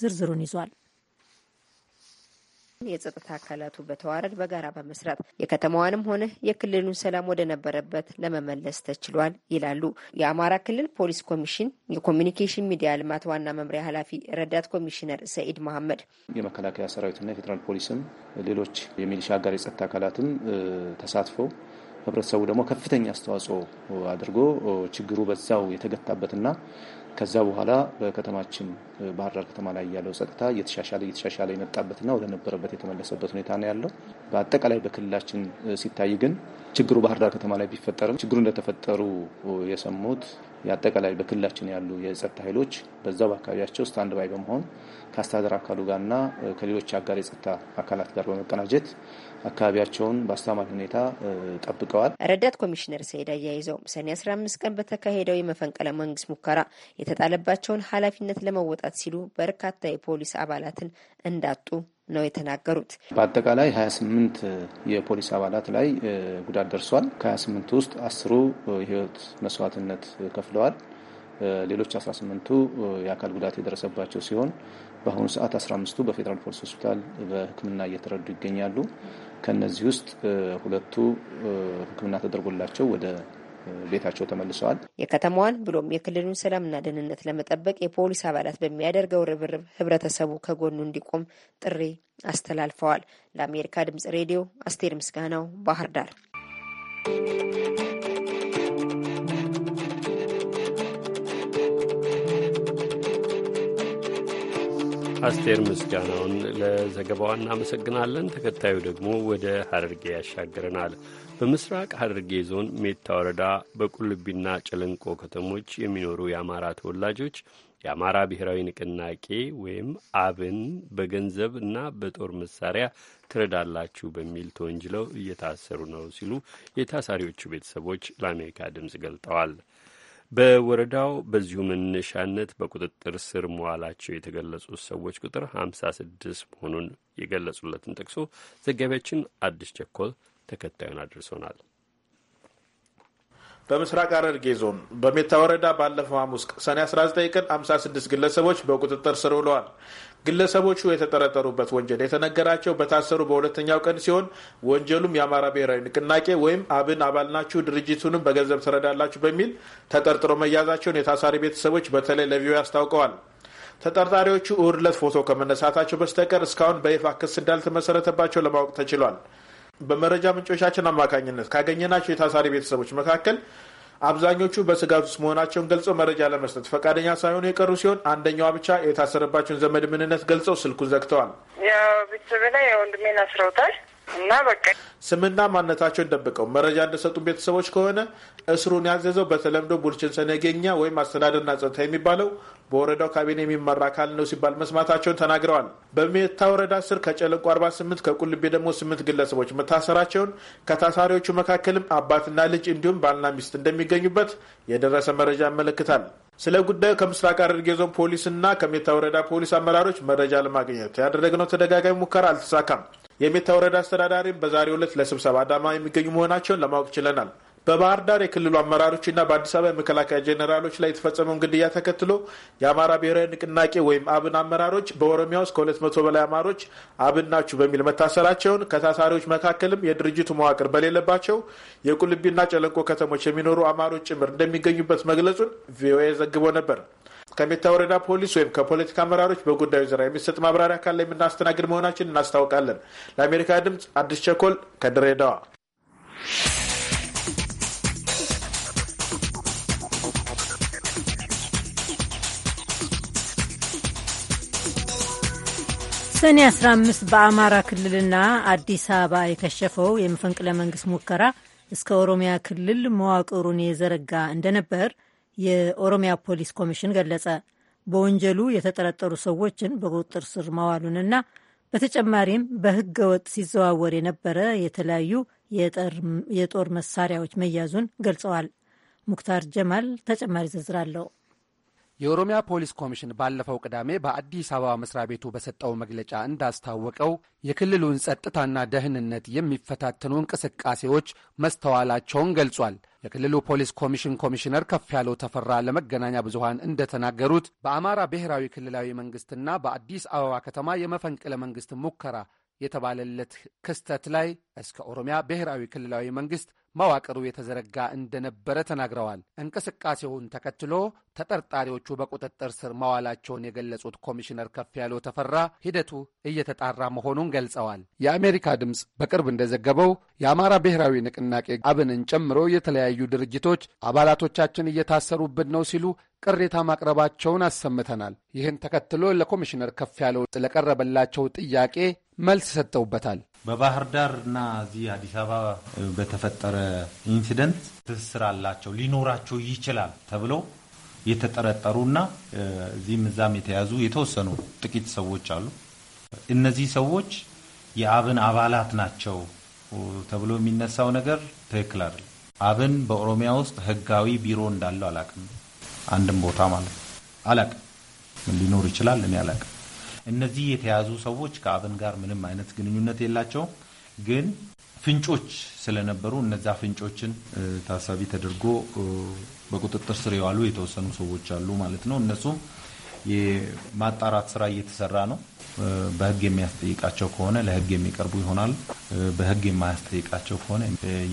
ዝርዝሩን ይዟል። የጸጥታ አካላቱ በተዋረድ በጋራ በመስራት የከተማዋንም ሆነ የክልሉን ሰላም ወደ ነበረበት ለመመለስ ተችሏል ይላሉ የአማራ ክልል ፖሊስ ኮሚሽን የኮሚኒኬሽን ሚዲያ ልማት ዋና መምሪያ ኃላፊ ረዳት ኮሚሽነር ሰኢድ መሐመድ። የመከላከያ ሰራዊትና የፌዴራል ፖሊስም ሌሎች የሚሊሻ አጋር የጸጥታ አካላትም ተሳትፎ ህብረተሰቡ ደግሞ ከፍተኛ አስተዋጽኦ አድርጎ ችግሩ በዛው የተገታበትና ከዛ በኋላ በከተማችን ባህር ዳር ከተማ ላይ ያለው ጸጥታ እየተሻሻለ እየተሻሻለ የመጣበትና ወደ ነበረበት የተመለሰበት ሁኔታ ነው ያለው። በአጠቃላይ በክልላችን ሲታይ ግን ችግሩ ባህር ዳር ከተማ ላይ ቢፈጠርም ችግሩ እንደተፈጠሩ የሰሙት የአጠቃላይ በክልላችን ያሉ የጸጥታ ኃይሎች በዛው በአካባቢያቸው ስታንድ ባይ በመሆን ከአስተዳደር አካሉ ጋርና ከሌሎች አጋር የጸጥታ አካላት ጋር በመቀናጀት አካባቢያቸውን በአስተማማኝ ሁኔታ ጠብቀዋል። ረዳት ኮሚሽነር ሰይድ አያይዘውም ሰኔ 15 ቀን በተካሄደው የመፈንቅለ መንግስት ሙከራ የተጣለባቸውን ኃላፊነት ለመወጣት ሲሉ በርካታ የፖሊስ አባላትን እንዳጡ ነው የተናገሩት። በአጠቃላይ 28 የፖሊስ አባላት ላይ ጉዳት ደርሷል። ከ28 ውስጥ አስሩ የህይወት መስዋዕትነት ከፍለዋል። ሌሎች 18ቱ የአካል ጉዳት የደረሰባቸው ሲሆን በአሁኑ ሰዓት 15ቱ በፌዴራል ፖሊስ ሆስፒታል በሕክምና እየተረዱ ይገኛሉ። ከነዚህ ውስጥ ሁለቱ ሕክምና ተደርጎላቸው ወደ ቤታቸው ተመልሰዋል። የከተማዋን ብሎም የክልሉን ሰላምና ደህንነት ለመጠበቅ የፖሊስ አባላት በሚያደርገው ርብርብ ህብረተሰቡ ከጎኑ እንዲቆም ጥሪ አስተላልፈዋል። ለአሜሪካ ድምጽ ሬዲዮ አስቴር ምስጋናው ባህር ዳር አስቴር ምስጋናውን ለዘገባዋ እናመሰግናለን። ተከታዩ ደግሞ ወደ ሀረርጌ ያሻግረናል። በምስራቅ ሀረርጌ ዞን ሜታ ወረዳ በቁልቢና ጨለንቆ ከተሞች የሚኖሩ የአማራ ተወላጆች የአማራ ብሔራዊ ንቅናቄ ወይም አብን በገንዘብ እና በጦር መሳሪያ ትረዳላችሁ በሚል ተወንጅለው እየታሰሩ ነው ሲሉ የታሳሪዎቹ ቤተሰቦች ለአሜሪካ ድምፅ ገልጠዋል። በወረዳው በዚሁ መነሻነት በቁጥጥር ስር መዋላቸው የተገለጹት ሰዎች ቁጥር ሀምሳ ስድስት መሆኑን የገለጹለትን ጠቅሶ ዘጋቢያችን አዲስ ቸኮል ተከታዩን አድርሶናል። በምስራቅ ሐረርጌ ዞን በሜታ ወረዳ ባለፈው ሐሙስ ሰኔ 19 ቀን 56 ግለሰቦች በቁጥጥር ስር ውለዋል። ግለሰቦቹ የተጠረጠሩበት ወንጀል የተነገራቸው በታሰሩ በሁለተኛው ቀን ሲሆን ወንጀሉም የአማራ ብሔራዊ ንቅናቄ ወይም አብን አባል ናችሁ ድርጅቱንም በገንዘብ ትረዳላችሁ በሚል ተጠርጥሮ መያዛቸውን የታሳሪ ቤተሰቦች በተለይ ለቪዮ አስታውቀዋል። ተጠርጣሪዎቹ እሁድ ዕለት ፎቶ ከመነሳታቸው በስተቀር እስካሁን በይፋ ክስ እንዳልተመሰረተባቸው ለማወቅ ተችሏል። በመረጃ ምንጮቻችን አማካኝነት ካገኘናቸው የታሳሪ ቤተሰቦች መካከል አብዛኞቹ በስጋት ውስጥ መሆናቸውን ገልጸው መረጃ ለመስጠት ፈቃደኛ ሳይሆኑ የቀሩ ሲሆን አንደኛዋ ብቻ የታሰረባቸውን ዘመድ ምንነት ገልጸው ስልኩን ዘግተዋል። ያው ቤተሰብ ላይ ወንድሜን አስረውታል። እና በቃ ስምና ማንነታቸውን ደብቀው መረጃ እንደሰጡ ቤተሰቦች ከሆነ እስሩን ያዘዘው በተለምዶ ቡልችን ሰነገኛ ወይም አስተዳደርና ጸጥታ የሚባለው በወረዳው ካቢኔ የሚመራ አካል ነው ሲባል መስማታቸውን ተናግረዋል። በሜታ ወረዳ ስር ከጨለንቆ 48 ከቁልቤ ደግሞ ስምንት ግለሰቦች መታሰራቸውን ከታሳሪዎቹ መካከልም አባትና ልጅ እንዲሁም ባልና ሚስት እንደሚገኙበት የደረሰ መረጃ ያመለክታል። ስለ ጉዳዩ ከምስራቅ ሐረርጌ ዞን ፖሊስና ከሜታ ወረዳ ፖሊስ አመራሮች መረጃ ለማግኘት ያደረግነው ተደጋጋሚ ሙከራ አልተሳካም። የሜታ ወረዳ አስተዳዳሪም በዛሬው ዕለት ለስብሰባ አዳማ የሚገኙ መሆናቸውን ለማወቅ ችለናል። በባህር ዳር የክልሉ አመራሮችና በአዲስ አበባ የመከላከያ ጄኔራሎች ላይ የተፈጸመውን ግድያ ተከትሎ የአማራ ብሔራዊ ንቅናቄ ወይም አብን አመራሮች በኦሮሚያ ውስጥ ከሁለት መቶ በላይ አማሮች አብን ናችሁ በሚል መታሰራቸውን ከታሳሪዎች መካከልም የድርጅቱ መዋቅር በሌለባቸው የቁልቢና ጨለንቆ ከተሞች የሚኖሩ አማሮች ጭምር እንደሚገኙበት መግለጹን ቪኦኤ ዘግቦ ነበር። ከሜታ ወረዳ ፖሊስ ወይም ከፖለቲካ አመራሮች በጉዳዩ ዙሪያ የሚሰጥ ማብራሪያ ካለ የምናስተናግድ መሆናችን እናስታውቃለን። ለአሜሪካ ድምፅ አዲስ ቸኮል ከድሬዳዋ ሰኔ 15 በአማራ ክልልና አዲስ አበባ የከሸፈው የመፈንቅለ መንግስት ሙከራ እስከ ኦሮሚያ ክልል መዋቅሩን የዘረጋ እንደነበር የኦሮሚያ ፖሊስ ኮሚሽን ገለጸ። በወንጀሉ የተጠረጠሩ ሰዎችን በቁጥጥር ስር መዋሉንና በተጨማሪም በህገ ወጥ ሲዘዋወር የነበረ የተለያዩ የጦር መሳሪያዎች መያዙን ገልጸዋል። ሙክታር ጀማል ተጨማሪ ዝርዝር አለው። የኦሮሚያ ፖሊስ ኮሚሽን ባለፈው ቅዳሜ በአዲስ አበባ መስሪያ ቤቱ በሰጠው መግለጫ እንዳስታወቀው የክልሉን ጸጥታና ደህንነት የሚፈታተኑ እንቅስቃሴዎች መስተዋላቸውን ገልጿል። የክልሉ ፖሊስ ኮሚሽን ኮሚሽነር ከፍ ያለው ተፈራ ለመገናኛ ብዙኃን እንደተናገሩት በአማራ ብሔራዊ ክልላዊ መንግስትና በአዲስ አበባ ከተማ የመፈንቅለ መንግስት ሙከራ የተባለለት ክስተት ላይ እስከ ኦሮሚያ ብሔራዊ ክልላዊ መንግስት መዋቅሩ የተዘረጋ እንደነበረ ተናግረዋል። እንቅስቃሴውን ተከትሎ ተጠርጣሪዎቹ በቁጥጥር ስር መዋላቸውን የገለጹት ኮሚሽነር ከፍ ያለው ተፈራ ሂደቱ እየተጣራ መሆኑን ገልጸዋል። የአሜሪካ ድምፅ በቅርብ እንደዘገበው የአማራ ብሔራዊ ንቅናቄ አብንን ጨምሮ የተለያዩ ድርጅቶች አባላቶቻችን እየታሰሩብን ነው ሲሉ ቅሬታ ማቅረባቸውን አሰምተናል። ይህን ተከትሎ ለኮሚሽነር ከፍ ያለው ለቀረበላቸው ጥያቄ መልስ ሰጥተውበታል። በባህር ዳር እና እዚህ አዲስ አበባ በተፈጠረ ኢንሲደንት ትስስር አላቸው ሊኖራቸው ይችላል ተብሎ የተጠረጠሩና እዚህም እዛም የተያዙ የተወሰኑ ጥቂት ሰዎች አሉ። እነዚህ ሰዎች የአብን አባላት ናቸው ተብሎ የሚነሳው ነገር ትክክል አይደለም። አብን በኦሮሚያ ውስጥ ህጋዊ ቢሮ እንዳለው አላቅም። አንድም ቦታ ማለት አላቅም። ሊኖር ይችላል እኔ አላቅም። እነዚህ የተያዙ ሰዎች ከአብን ጋር ምንም አይነት ግንኙነት የላቸው ግን ፍንጮች ስለነበሩ እነዛ ፍንጮችን ታሳቢ ተደርጎ በቁጥጥር ስር የዋሉ የተወሰኑ ሰዎች አሉ ማለት ነው። እነሱም የማጣራት ስራ እየተሰራ ነው። በህግ የሚያስጠይቃቸው ከሆነ ለህግ የሚቀርቡ ይሆናል። በህግ የማያስጠይቃቸው ከሆነ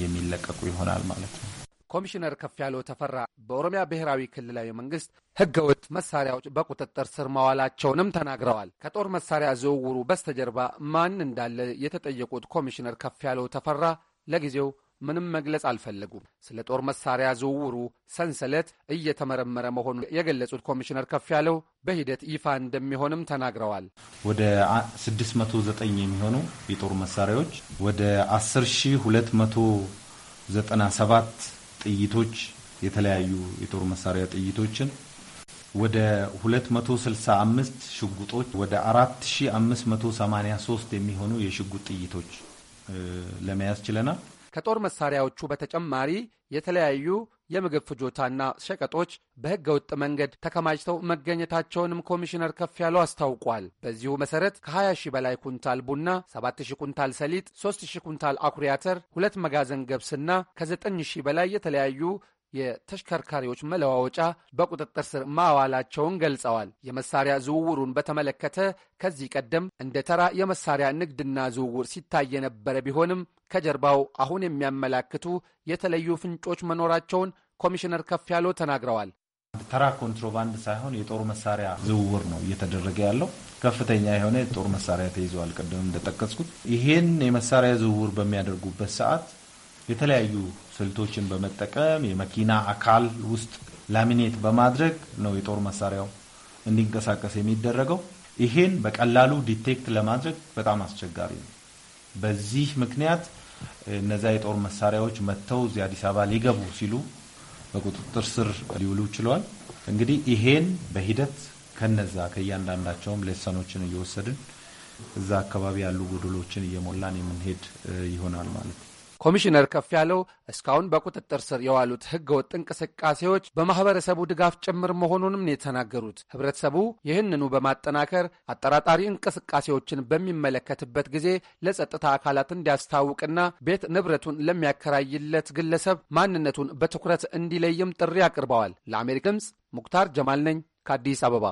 የሚለቀቁ ይሆናል ማለት ነው። ኮሚሽነር ከፍ ያለው ተፈራ በኦሮሚያ ብሔራዊ ክልላዊ መንግስት ህገወጥ መሳሪያዎች በቁጥጥር ስር መዋላቸውንም ተናግረዋል። ከጦር መሳሪያ ዝውውሩ በስተጀርባ ማን እንዳለ የተጠየቁት ኮሚሽነር ከፍ ያለው ተፈራ ለጊዜው ምንም መግለጽ አልፈለጉም። ስለ ጦር መሳሪያ ዝውውሩ ሰንሰለት እየተመረመረ መሆኑን የገለጹት ኮሚሽነር ከፍ ያለው በሂደት ይፋ እንደሚሆንም ተናግረዋል። ወደ 609 የሚሆኑ የጦር መሳሪያዎች ወደ 10297 ጥይቶች የተለያዩ የጦር መሳሪያ ጥይቶችን ወደ 265 ሽጉጦች ወደ 4583 የሚሆኑ የሽጉጥ ጥይቶች ለመያዝ ችለናል። ከጦር መሳሪያዎቹ በተጨማሪ የተለያዩ የምግብ ፍጆታና ሸቀጦች በሕገ ወጥ መንገድ ተከማችተው መገኘታቸውንም ኮሚሽነር ከፍ ያለው አስታውቋል። በዚሁ መሰረት ከ20 ሺህ በላይ ኩንታል ቡና፣ 7 ሺህ ኩንታል ሰሊጥ፣ 3 ሺህ ኩንታል አኩሪ አተር፣ ሁለት መጋዘን ገብስና ከ9 ሺህ በላይ የተለያዩ የተሽከርካሪዎች መለዋወጫ በቁጥጥር ስር ማዋላቸውን ገልጸዋል። የመሳሪያ ዝውውሩን በተመለከተ ከዚህ ቀደም እንደ ተራ የመሳሪያ ንግድና ዝውውር ሲታይ የነበረ ቢሆንም ከጀርባው አሁን የሚያመላክቱ የተለዩ ፍንጮች መኖራቸውን ኮሚሽነር ያለው ተናግረዋል። ተራ ኮንትሮባንድ ሳይሆን የጦር መሳሪያ ዝውውር ነው እየተደረገ ያለው። ከፍተኛ የሆነ የጦር መሳሪያ ተይዘዋል። ቅድም እንደጠቀስኩት ይህን የመሳሪያ ዝውውር በሚያደርጉበት ሰዓት የተለያዩ ስልቶችን በመጠቀም የመኪና አካል ውስጥ ላሚኔት በማድረግ ነው የጦር መሳሪያው እንዲንቀሳቀስ የሚደረገው። ይሄን በቀላሉ ዲቴክት ለማድረግ በጣም አስቸጋሪ ነው። በዚህ ምክንያት እነዚያ የጦር መሳሪያዎች መጥተው እዚህ አዲስ አበባ ሊገቡ ሲሉ በቁጥጥር ስር ሊውሉ ችለዋል። እንግዲህ ይሄን በሂደት ከነዛ ከእያንዳንዳቸውም ሌሰኖችን እየወሰድን እዛ አካባቢ ያሉ ጎደሎችን እየሞላን የምንሄድ ይሆናል ማለት ነው። ኮሚሽነር ከፍ ያለው እስካሁን በቁጥጥር ስር የዋሉት ህገወጥ እንቅስቃሴዎች በማህበረሰቡ ድጋፍ ጭምር መሆኑንም የተናገሩት። ህብረተሰቡ ይህንኑ በማጠናከር አጠራጣሪ እንቅስቃሴዎችን በሚመለከትበት ጊዜ ለጸጥታ አካላት እንዲያስታውቅና ቤት ንብረቱን ለሚያከራይለት ግለሰብ ማንነቱን በትኩረት እንዲለይም ጥሪ አቅርበዋል። ለአሜሪካ ድምፅ ሙክታር ጀማል ነኝ ከአዲስ አበባ።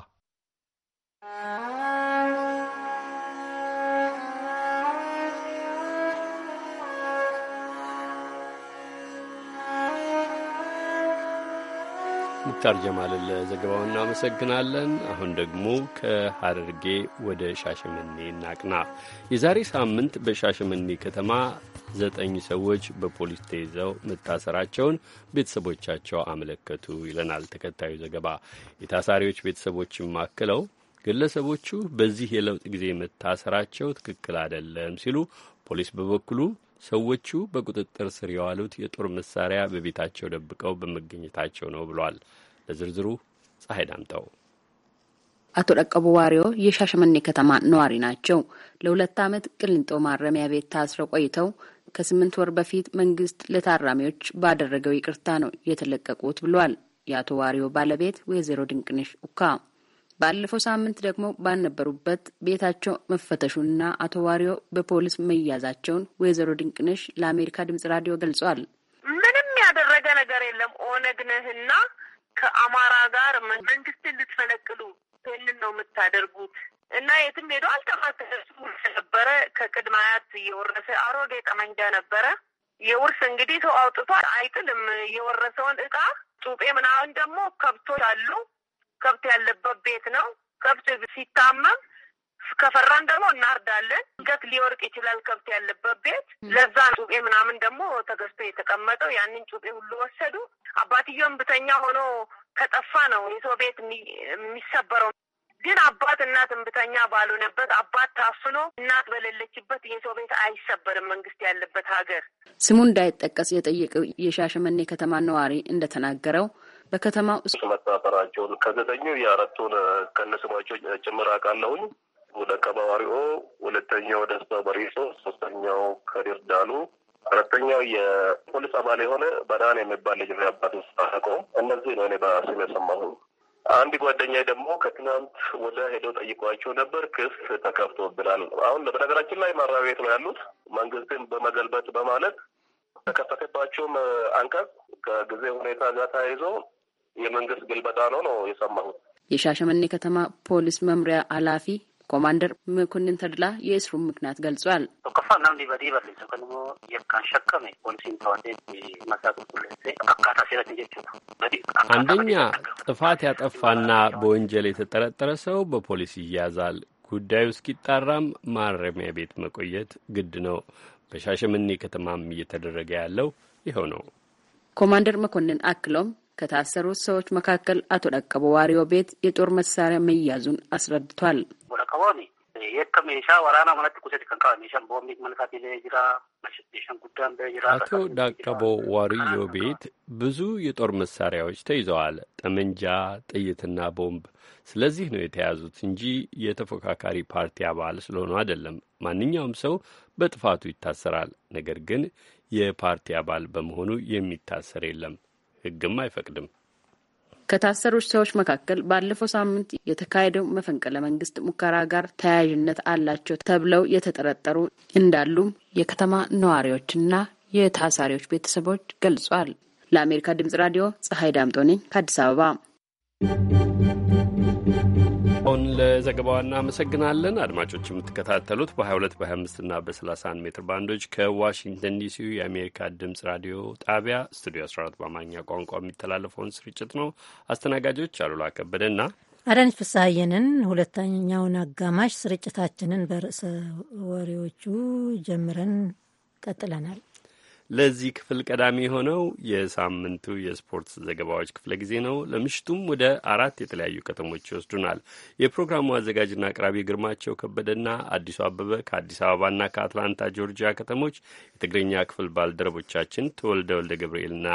ሙክታር ጀማልን ለዘገባው እናመሰግናለን። አሁን ደግሞ ከሀረርጌ ወደ ሻሸመኔ እናቅና። የዛሬ ሳምንት በሻሸመኔ ከተማ ዘጠኝ ሰዎች በፖሊስ ተይዘው መታሰራቸውን ቤተሰቦቻቸው አመለከቱ ይለናል ተከታዩ ዘገባ። የታሳሪዎች ቤተሰቦችም አክለው ግለሰቦቹ በዚህ የለውጥ ጊዜ መታሰራቸው ትክክል አይደለም ሲሉ ፖሊስ በበኩሉ ሰዎቹ በቁጥጥር ስር የዋሉት የጦር መሳሪያ በቤታቸው ደብቀው በመገኘታቸው ነው ብሏል። ለዝርዝሩ ፀሐይ ዳምጠው። አቶ ደቀቡ ዋሪዮ የሻሸመኔ ከተማ ነዋሪ ናቸው። ለሁለት ዓመት ቅሊንጦ ማረሚያ ቤት ታስረው ቆይተው ከስምንት ወር በፊት መንግስት ለታራሚዎች ባደረገው ይቅርታ ነው የተለቀቁት ብሏል። የአቶ ዋሪዮ ባለቤት ወይዘሮ ድንቅንሽ ኡካ ባለፈው ሳምንት ደግሞ ባልነበሩበት ቤታቸው መፈተሹንና አቶ ዋሪዮ በፖሊስ መያዛቸውን ወይዘሮ ድንቅነሽ ለአሜሪካ ድምጽ ራዲዮ ገልጿል። ምንም ያደረገ ነገር የለም። ኦነግ ነህና ከአማራ ጋር መንግስትን ልትፈነቅሉ ይህንን ነው የምታደርጉት እና የትም ሄዶ አልተፋተሱ ነበረ። ከቅድመ አያት እየወረሰ አሮጌ ጠመንጃ ነበረ። የውርስ እንግዲህ ሰው አውጥቷል አይጥልም። የወረሰውን እቃ ጡጤ ምናምን ደግሞ ከብቶች አሉ ከብት ያለበት ቤት ነው። ከብት ሲታመም ከፈራን ደግሞ እናርዳለን። ድንገት ሊወርቅ ይችላል ከብት ያለበት ቤት። ለዛ ጩቤ ምናምን ደግሞ ተገዝቶ የተቀመጠው ያንን ጩቤ ሁሉ ወሰዱ። አባትየውም ብተኛ ሆኖ ከጠፋ ነው የሰው ቤት የሚሰበረው። ግን አባት እናት እንብተኛ ባልሆነበት አባት ታፍኖ እናት በሌለችበት የሰው ቤት አይሰበርም። መንግስት ያለበት ሀገር ስሙ እንዳይጠቀስ የጠየቀው የሻሸመኔ ከተማ ነዋሪ እንደተናገረው በከተማው መጣጠራቸውን ከዘጠኙ የአራቱን ከነስማቸው ጭምር አውቃለሁኝ። ወደ ቀባዋሪኦ፣ ሁለተኛው ደስታ በሪሶ፣ ሶስተኛው ከዲር ዳሉ፣ አራተኛው የፖሊስ አባል የሆነ በዳን የሚባል ልጅ አባት ውስጥ እነዚህ ነው እኔ በስም የሰማሁ። አንድ ጓደኛ ደግሞ ከትናንት ወደ ሄደው ጠይቋቸው ነበር። ክስ ተከፍቶብናል። አሁን በነገራችን ላይ ማረሚያ ቤት ነው ያሉት። መንግስትን በመገልበጥ በማለት ተከፈተባቸውም አንቀጽ ከጊዜ ሁኔታ ጋር ተያይዞ የመንግስት ግልበጣ ነው ነው የሰማሁት። የሻሸመኔ ከተማ ፖሊስ መምሪያ ኃላፊ ኮማንደር መኮንን ተድላ የእስሩን ምክንያት ገልጿል። አንደኛ ጥፋት ያጠፋና በወንጀል የተጠረጠረ ሰው በፖሊስ ይያዛል። ጉዳዩ እስኪጣራም ማረሚያ ቤት መቆየት ግድ ነው። በሻሸመኔ ከተማም እየተደረገ ያለው ይኸው ነው። ኮማንደር መኮንን አክለውም። ከታሰሩት ሰዎች መካከል አቶ ዳቀቦ ዋሪዮ ቤት የጦር መሳሪያ መያዙን አስረድቷል። አቶ ዳቀቦ ዋሪዮ ቤት ብዙ የጦር መሳሪያዎች ተይዘዋል። ጠመንጃ፣ ጥይትና ቦምብ። ስለዚህ ነው የተያዙት እንጂ የተፎካካሪ ፓርቲ አባል ስለሆኑ አይደለም። ማንኛውም ሰው በጥፋቱ ይታሰራል። ነገር ግን የፓርቲ አባል በመሆኑ የሚታሰር የለም። ሕግም አይፈቅድም። ከታሰሩት ሰዎች መካከል ባለፈው ሳምንት የተካሄደው መፈንቅለ መንግስት ሙከራ ጋር ተያያዥነት አላቸው ተብለው የተጠረጠሩ እንዳሉም የከተማ ነዋሪዎችና የታሳሪዎች ቤተሰቦች ገልጿል። ለአሜሪካ ድምጽ ራዲዮ ፀሐይ ዳምጦ ነኝ ከአዲስ አበባ። እንግዳውን ለዘገባዋ እናመሰግናለን። አድማጮች የምትከታተሉት በ22 በ25 እና በ31 ሜትር ባንዶች ከዋሽንግተን ዲሲ የአሜሪካ ድምፅ ራዲዮ ጣቢያ ስቱዲዮ 14 በአማርኛ ቋንቋ የሚተላለፈውን ስርጭት ነው። አስተናጋጆች አሉላ ከበደና አዳነች ፍስሐየንን። ሁለተኛውን አጋማሽ ስርጭታችንን በርዕሰ ወሬዎቹ ጀምረን ቀጥለናል። ለዚህ ክፍል ቀዳሚ የሆነው የሳምንቱ የስፖርት ዘገባዎች ክፍለ ጊዜ ነው። ለምሽቱም ወደ አራት የተለያዩ ከተሞች ይወስዱናል። የፕሮግራሙ አዘጋጅና አቅራቢ ግርማቸው ከበደና አዲሱ አበበ ከአዲስ አበባና ከአትላንታ ጆርጂያ ከተሞች የትግርኛ ክፍል ባልደረቦቻችን ተወልደ ወልደ ገብርኤልና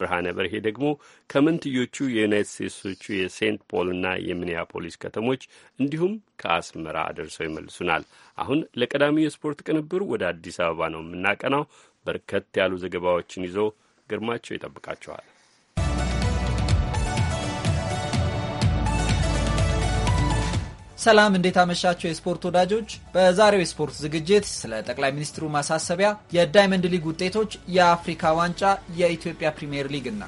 ብርሃነ በርሄ ደግሞ ከምንትዮቹ የዩናይት ስቴትሶቹ የሴንት ፖልና የሚኒያፖሊስ ከተሞች እንዲሁም ከአስመራ አደርሰው ይመልሱናል። አሁን ለቀዳሚው የስፖርት ቅንብር ወደ አዲስ አበባ ነው የምናቀናው። በርከት ያሉ ዘገባዎችን ይዞ ግርማቸው ይጠብቃቸዋል። ሰላም እንዴት አመሻቸው የስፖርት ወዳጆች። በዛሬው የስፖርት ዝግጅት ስለ ጠቅላይ ሚኒስትሩ ማሳሰቢያ፣ የዳይመንድ ሊግ ውጤቶች፣ የአፍሪካ ዋንጫ፣ የኢትዮጵያ ፕሪምየር ሊግ እና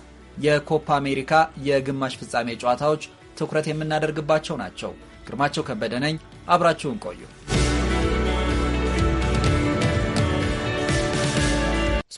የኮፓ አሜሪካ የግማሽ ፍጻሜ ጨዋታዎች ትኩረት የምናደርግባቸው ናቸው። ግርማቸው ከበደ ነኝ። አብራችሁን ቆዩ።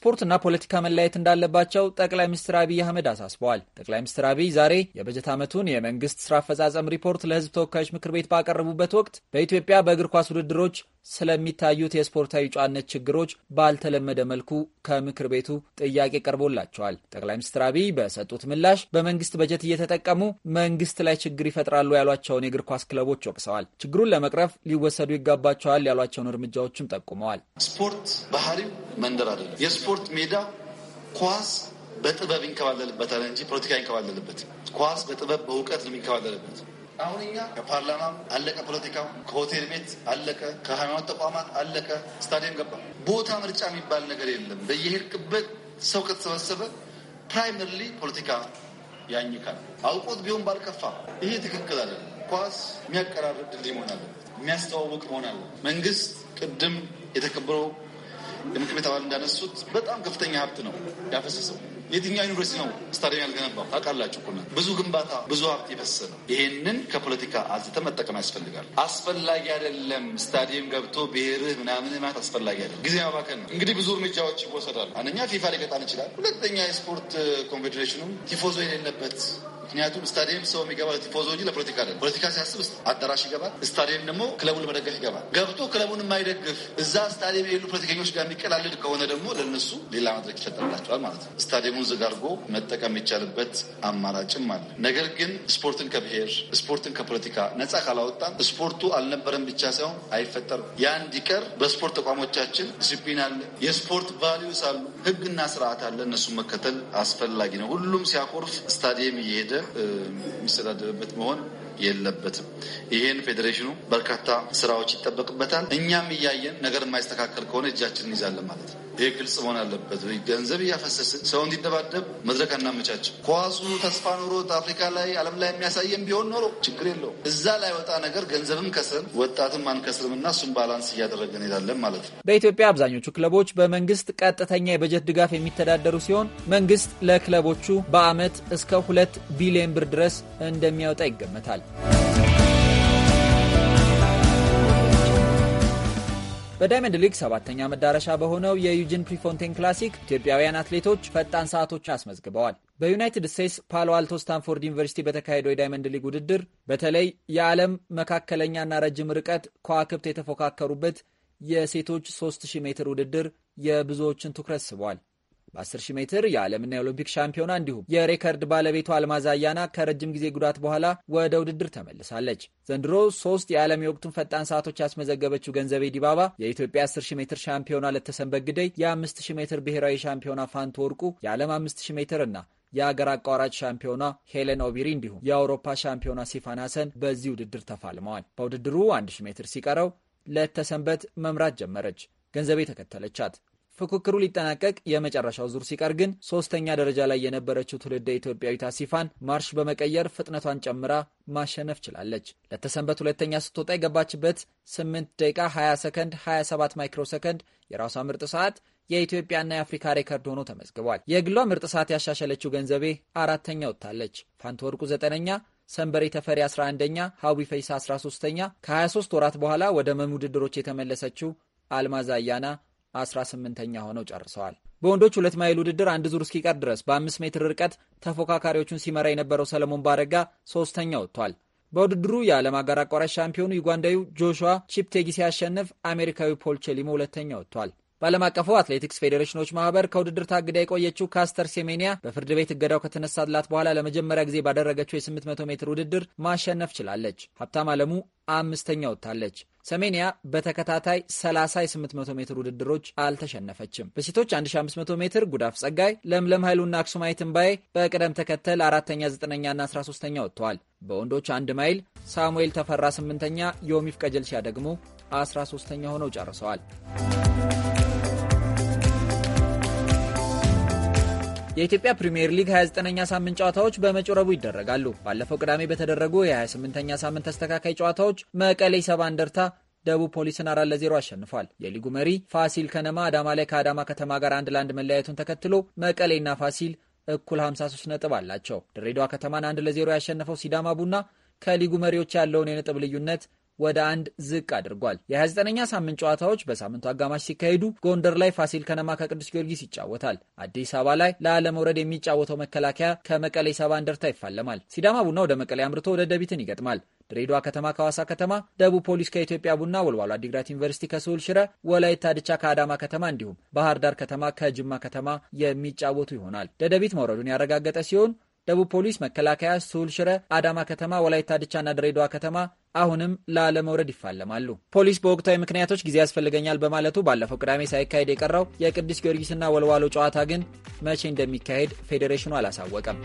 ስፖርትና ፖለቲካ መለያየት እንዳለባቸው ጠቅላይ ሚኒስትር አብይ አህመድ አሳስበዋል። ጠቅላይ ሚኒስትር አብይ ዛሬ የበጀት ዓመቱን የመንግስት ስራ አፈጻጸም ሪፖርት ለህዝብ ተወካዮች ምክር ቤት ባቀረቡበት ወቅት በኢትዮጵያ በእግር ኳስ ውድድሮች ስለሚታዩት የስፖርታዊ ጨዋነት ችግሮች ባልተለመደ መልኩ ከምክር ቤቱ ጥያቄ ቀርቦላቸዋል። ጠቅላይ ሚኒስትር አብይ በሰጡት ምላሽ በመንግስት በጀት እየተጠቀሙ መንግስት ላይ ችግር ይፈጥራሉ ያሏቸውን የእግር ኳስ ክለቦች ወቅሰዋል። ችግሩን ለመቅረፍ ሊወሰዱ ይገባቸዋል ያሏቸውን እርምጃዎችም ጠቁመዋል። ስፖርት ባህሪው መንደር አይደለም። የስፖርት ሜዳ ኳስ በጥበብ ይንከባለልበታል እንጂ ፖለቲካ ይንከባለልበት። ኳስ በጥበብ በእውቀት ነው የሚንከባለልበት። አሁን እኛ ከፓርላማ አለቀ፣ ፖለቲካው ከሆቴል ቤት አለቀ፣ ከሃይማኖት ተቋማት አለቀ፣ ስታዲየም ገባ። ቦታ ምርጫ የሚባል ነገር የለም። በየሄድክበት ሰው ከተሰበሰበ ፕራይመርሊ ፖለቲካ ያኝካል። አውቆት ቢሆን ባልከፋ። ይሄ ትክክል አለ። ኳስ የሚያቀራርብ ድልድይ መሆን አለበት፣ የሚያስተዋውቅ መሆን አለ መንግስት ቅድም የተከበረው የምክር ቤት አባል እንዳነሱት በጣም ከፍተኛ ሀብት ነው ያፈሰሰው። የትኛው ዩኒቨርሲቲ ነው ስታዲየም ያልገነባው? ታውቃላችሁ እኮ ብዙ ግንባታ ብዙ ሀብት የፈሰሰ ነው። ይሄንን ከፖለቲካ አዝተ መጠቀም ያስፈልጋል። አስፈላጊ አይደለም ስታዲየም ገብቶ ብሔርህ ምናምን ማለት አስፈላጊ አይደለም። ጊዜ ማባከን ነው። እንግዲህ ብዙ እርምጃዎች ይወሰዳሉ። አንደኛ ፊፋ ሊቀጣን ይችላል። ሁለተኛ የስፖርት ኮንፌዴሬሽኑም ቲፎዞ የሌለበት ምክንያቱም ስታዲየም ሰው የሚገባ ቲፎዞ እንጂ ለፖለቲካ አይደለም። ፖለቲካ ሲያስብ አዳራሽ ይገባል። ስታዲየም ደግሞ ክለቡን ለመደገፍ ይገባል። ገብቶ ክለቡን የማይደግፍ እዛ ስታዲየም የሌሉ ፖለቲከኞች ጋር የሚቀላልድ ከሆነ ደግሞ ለነሱ ሌላ መድረክ ይፈጠርላቸዋል ማለት ነው። ስታዲየሙን ዝግ አድርጎ መጠቀም የሚቻልበት አማራጭም አለ። ነገር ግን ስፖርትን ከብሔር ስፖርትን ከፖለቲካ ነፃ ካላወጣን ስፖርቱ አልነበረም ብቻ ሳይሆን አይፈጠርም። ያ እንዲቀር በስፖርት ተቋሞቻችን ዲስፕሊን አለ፣ የስፖርት ቫሊዩስ አሉ፣ ህግና ስርዓት አለ። እነሱን መከተል አስፈላጊ ነው። ሁሉም ሲያኮርፍ ስታዲየም እየሄደ በደንብ የሚስተዳደርበት መሆን የለበትም። ይህን ፌዴሬሽኑ በርካታ ስራዎች ይጠበቅበታል። እኛም እያየን ነገር የማይስተካከል ከሆነ እጃችንን ይዛለን ማለት ነው። ይህ ግልጽ መሆን አለበት። ገንዘብ እያፈሰስን ሰው እንዲደባደብ መድረክ አናመቻች። ኳሱ ተስፋ ኑሮት አፍሪካ ላይ ዓለም ላይ የሚያሳየን ቢሆን ኖሮ ችግር የለው እዛ ላይ ወጣ ነገር ገንዘብም ከስርን ወጣትም አንከስርም እና እሱን ባላንስ እያደረገ እንሄዳለን ማለት ነው። በኢትዮጵያ አብዛኞቹ ክለቦች በመንግስት ቀጥተኛ የበጀት ድጋፍ የሚተዳደሩ ሲሆን መንግስት ለክለቦቹ በአመት እስከ ሁለት ቢሊዮን ብር ድረስ እንደሚያወጣ ይገመታል። በዳይመንድ ሊግ ሰባተኛ መዳረሻ በሆነው የዩጂን ፕሪፎንቴን ክላሲክ ኢትዮጵያውያን አትሌቶች ፈጣን ሰዓቶች አስመዝግበዋል። በዩናይትድ ስቴትስ ፓሎ አልቶ ስታንፎርድ ዩኒቨርሲቲ በተካሄደው የዳይመንድ ሊግ ውድድር በተለይ የዓለም መካከለኛና ረጅም ርቀት ከዋክብት የተፎካከሩበት የሴቶች 3000 ሜትር ውድድር የብዙዎችን ትኩረት ስቧል። በ 10000 ሺህ ሜትር የዓለምና የኦሎምፒክ ሻምፒዮና እንዲሁም የሬከርድ ባለቤቷ አልማዝ አያና ከረጅም ጊዜ ጉዳት በኋላ ወደ ውድድር ተመልሳለች። ዘንድሮ ሶስት የዓለም የወቅቱን ፈጣን ሰዓቶች ያስመዘገበችው ገንዘቤ ዲባባ የኢትዮጵያ 10 ሜትር ሻምፒዮና ለተሰንበት ግደይ፣ የ5000 ሜትር ብሔራዊ ሻምፒዮና ፋንት ወርቁ፣ የዓለም 5 ሜትር እና የአገር አቋራጭ ሻምፒዮኗ ሄለን ኦቢሪ እንዲሁም የአውሮፓ ሻምፒዮና ሲፋን ሀሰን በዚህ ውድድር ተፋልመዋል። በውድድሩ 1000 ሜትር ሲቀረው ለተሰንበት መምራት ጀመረች። ገንዘቤ ተከተለቻት። ፉክክሩ ሊጠናቀቅ የመጨረሻው ዙር ሲቀር ግን ሶስተኛ ደረጃ ላይ የነበረችው ትውልደ ኢትዮጵያዊት አሲፋን ማርሽ በመቀየር ፍጥነቷን ጨምራ ማሸነፍ ችላለች። ለተሰንበት ሁለተኛ ስትወጣ የገባችበት 8 ደቂቃ 20 ሰከንድ 27 ማይክሮ ሰከንድ የራሷ ምርጥ ሰዓት የኢትዮጵያና የአፍሪካ ሬከርድ ሆኖ ተመዝግቧል። የግሏ ምርጥ ሰዓት ያሻሸለችው ገንዘቤ አራተኛ ወጥታለች። ፋንት ወርቁ ዘጠነኛ ሰንበሬ ተፈሪ 11ኛ፣ ሀዊ ፈይሳ 13ኛ። ከ23 ወራት በኋላ ወደ መም ውድድሮች የተመለሰችው አልማዝ አያና 18ኛ ሆነው ጨርሰዋል። በወንዶች ሁለት ማይል ውድድር አንድ ዙር እስኪቀር ድረስ በአምስት ሜትር ርቀት ተፎካካሪዎቹን ሲመራ የነበረው ሰለሞን ባረጋ ሶስተኛ ወጥቷል። በውድድሩ የዓለም አገር አቋራጭ ሻምፒዮኑ ዩጋንዳዊው ጆሹዋ ቺፕቴጊ ሲያሸንፍ፣ አሜሪካዊ ፖል ቼሊሞ ሁለተኛ ወጥቷል። በዓለም አቀፉ አትሌቲክስ ፌዴሬሽኖች ማህበር ከውድድር ታግዳ የቆየችው ካስተር ሴሜኒያ በፍርድ ቤት እገዳው ከተነሳላት በኋላ ለመጀመሪያ ጊዜ ባደረገችው የ800 ሜትር ውድድር ማሸነፍ ችላለች። ሀብታም አለሙ አምስተኛ ወጥታለች። ሰሜንያ በተከታታይ 30 የ800 ሜትር ውድድሮች አልተሸነፈችም። በሴቶች 1500 ሜትር ጉዳፍ ጸጋይ፣ ለምለም ኃይሉና አክሱማይ ትንባኤ በቅደም ተከተል አራተኛ፣ ዘጠነኛና 13ተኛ ወጥተዋል። በወንዶች አንድ ማይል ሳሙኤል ተፈራ ስምንተኛ፣ ዮሚፍ ቀጀልሲያ ደግሞ 13ተኛ ሆነው ጨርሰዋል። የኢትዮጵያ ፕሪምየር ሊግ 29ኛ ሳምንት ጨዋታዎች በመጪው ረቡዕ ይደረጋሉ። ባለፈው ቅዳሜ በተደረጉ የ28ኛ ሳምንት ተስተካካይ ጨዋታዎች መቀሌ ሰባ እንደርታ ደቡብ ፖሊስን አራት ለዜሮ አሸንፏል። የሊጉ መሪ ፋሲል ከነማ አዳማ ላይ ከአዳማ ከተማ ጋር አንድ ለአንድ መለያየቱን ተከትሎ መቀሌና ፋሲል እኩል 53 ነጥብ አላቸው። ድሬዳዋ ከተማን አንድ ለዜሮ ያሸነፈው ሲዳማ ቡና ከሊጉ መሪዎች ያለውን የነጥብ ልዩነት ወደ አንድ ዝቅ አድርጓል። የ29ኛ ሳምንት ጨዋታዎች በሳምንቱ አጋማሽ ሲካሄዱ ጎንደር ላይ ፋሲል ከነማ ከቅዱስ ጊዮርጊስ ይጫወታል። አዲስ አበባ ላይ ለአለመውረድ የሚጫወተው መከላከያ ከመቀሌ ሰባ እንደርታ ይፋለማል። ሲዳማ ቡና ወደ መቀሌ አምርቶ ደቢትን ይገጥማል። ድሬዳዋ ከተማ ከሐዋሳ ከተማ፣ ደቡብ ፖሊስ ከኢትዮጵያ ቡና፣ ወልዋሎ አዲግራት ዩኒቨርሲቲ ከስሁል ሽረ፣ ወላይታ ድቻ ከአዳማ ከተማ እንዲሁም ባህር ዳር ከተማ ከጅማ ከተማ የሚጫወቱ ይሆናል። ደደቢት መውረዱን ያረጋገጠ ሲሆን ደቡብ ፖሊስ፣ መከላከያ፣ ስሁል ሽረ፣ አዳማ ከተማ፣ ወላይታ ድቻና ድሬዳዋ ከተማ አሁንም ላለመውረድ ይፋለማሉ። ፖሊስ በወቅታዊ ምክንያቶች ጊዜ ያስፈልገኛል በማለቱ ባለፈው ቅዳሜ ሳይካሄድ የቀረው የቅዱስ ጊዮርጊስና ወልዋሎ ጨዋታ ግን መቼ እንደሚካሄድ ፌዴሬሽኑ አላሳወቀም።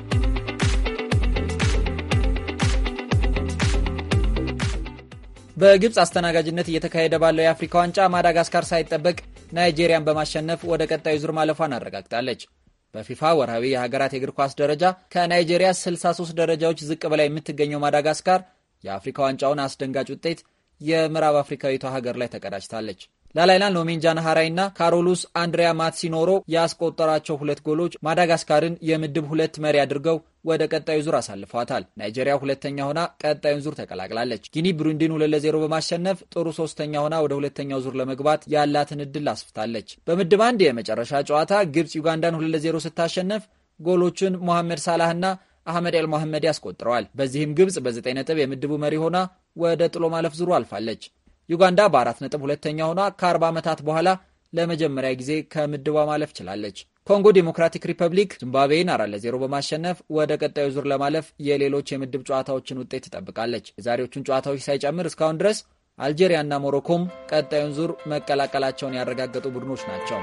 በግብፅ አስተናጋጅነት እየተካሄደ ባለው የአፍሪካ ዋንጫ ማዳጋስካር ሳይጠበቅ ናይጄሪያን በማሸነፍ ወደ ቀጣዩ ዙር ማለፏን አረጋግጣለች። በፊፋ ወርሃዊ የሀገራት የእግር ኳስ ደረጃ ከናይጄሪያ 63 ደረጃዎች ዝቅ በላይ የምትገኘው ማዳጋስካር የአፍሪካ ዋንጫውን አስደንጋጭ ውጤት የምዕራብ አፍሪካዊቷ ሀገር ላይ ተቀዳጅታለች። ላላይላ ሎሜንጃ ናሃራይ እና ካሮሉስ አንድሪያ ማትሲኖሮ ያስቆጠሯቸው ሁለት ጎሎች ማዳጋስካርን የምድብ ሁለት መሪ አድርገው ወደ ቀጣዩ ዙር አሳልፏታል። ናይጄሪያ ሁለተኛ ሆና ቀጣዩን ዙር ተቀላቅላለች። ጊኒ ብሩንዲን ሁለት ለዜሮ በማሸነፍ ጥሩ ሶስተኛ ሆና ወደ ሁለተኛው ዙር ለመግባት ያላትን እድል አስፍታለች። በምድብ አንድ የመጨረሻ ጨዋታ ግብፅ ዩጋንዳን ሁለት ለዜሮ ስታሸነፍ ጎሎቹን ሞሐመድ ሳላህና አህመድ ኤል መሐመድ ያስቆጥረዋል። በዚህም ግብፅ በዘጠኝ ነጥብ የምድቡ መሪ ሆና ወደ ጥሎ ማለፍ ዙሩ አልፋለች። ዩጋንዳ በአራት ነጥብ ሁለተኛ ሆና ከአርባ ዓመታት በኋላ ለመጀመሪያ ጊዜ ከምድቧ ማለፍ ችላለች። ኮንጎ ዴሞክራቲክ ሪፐብሊክ ዚምባብዌን አራት ለዜሮ በማሸነፍ ወደ ቀጣዩ ዙር ለማለፍ የሌሎች የምድብ ጨዋታዎችን ውጤት ትጠብቃለች። የዛሬዎቹን ጨዋታዎች ሳይጨምር እስካሁን ድረስ አልጄሪያና ሞሮኮም ቀጣዩን ዙር መቀላቀላቸውን ያረጋገጡ ቡድኖች ናቸው።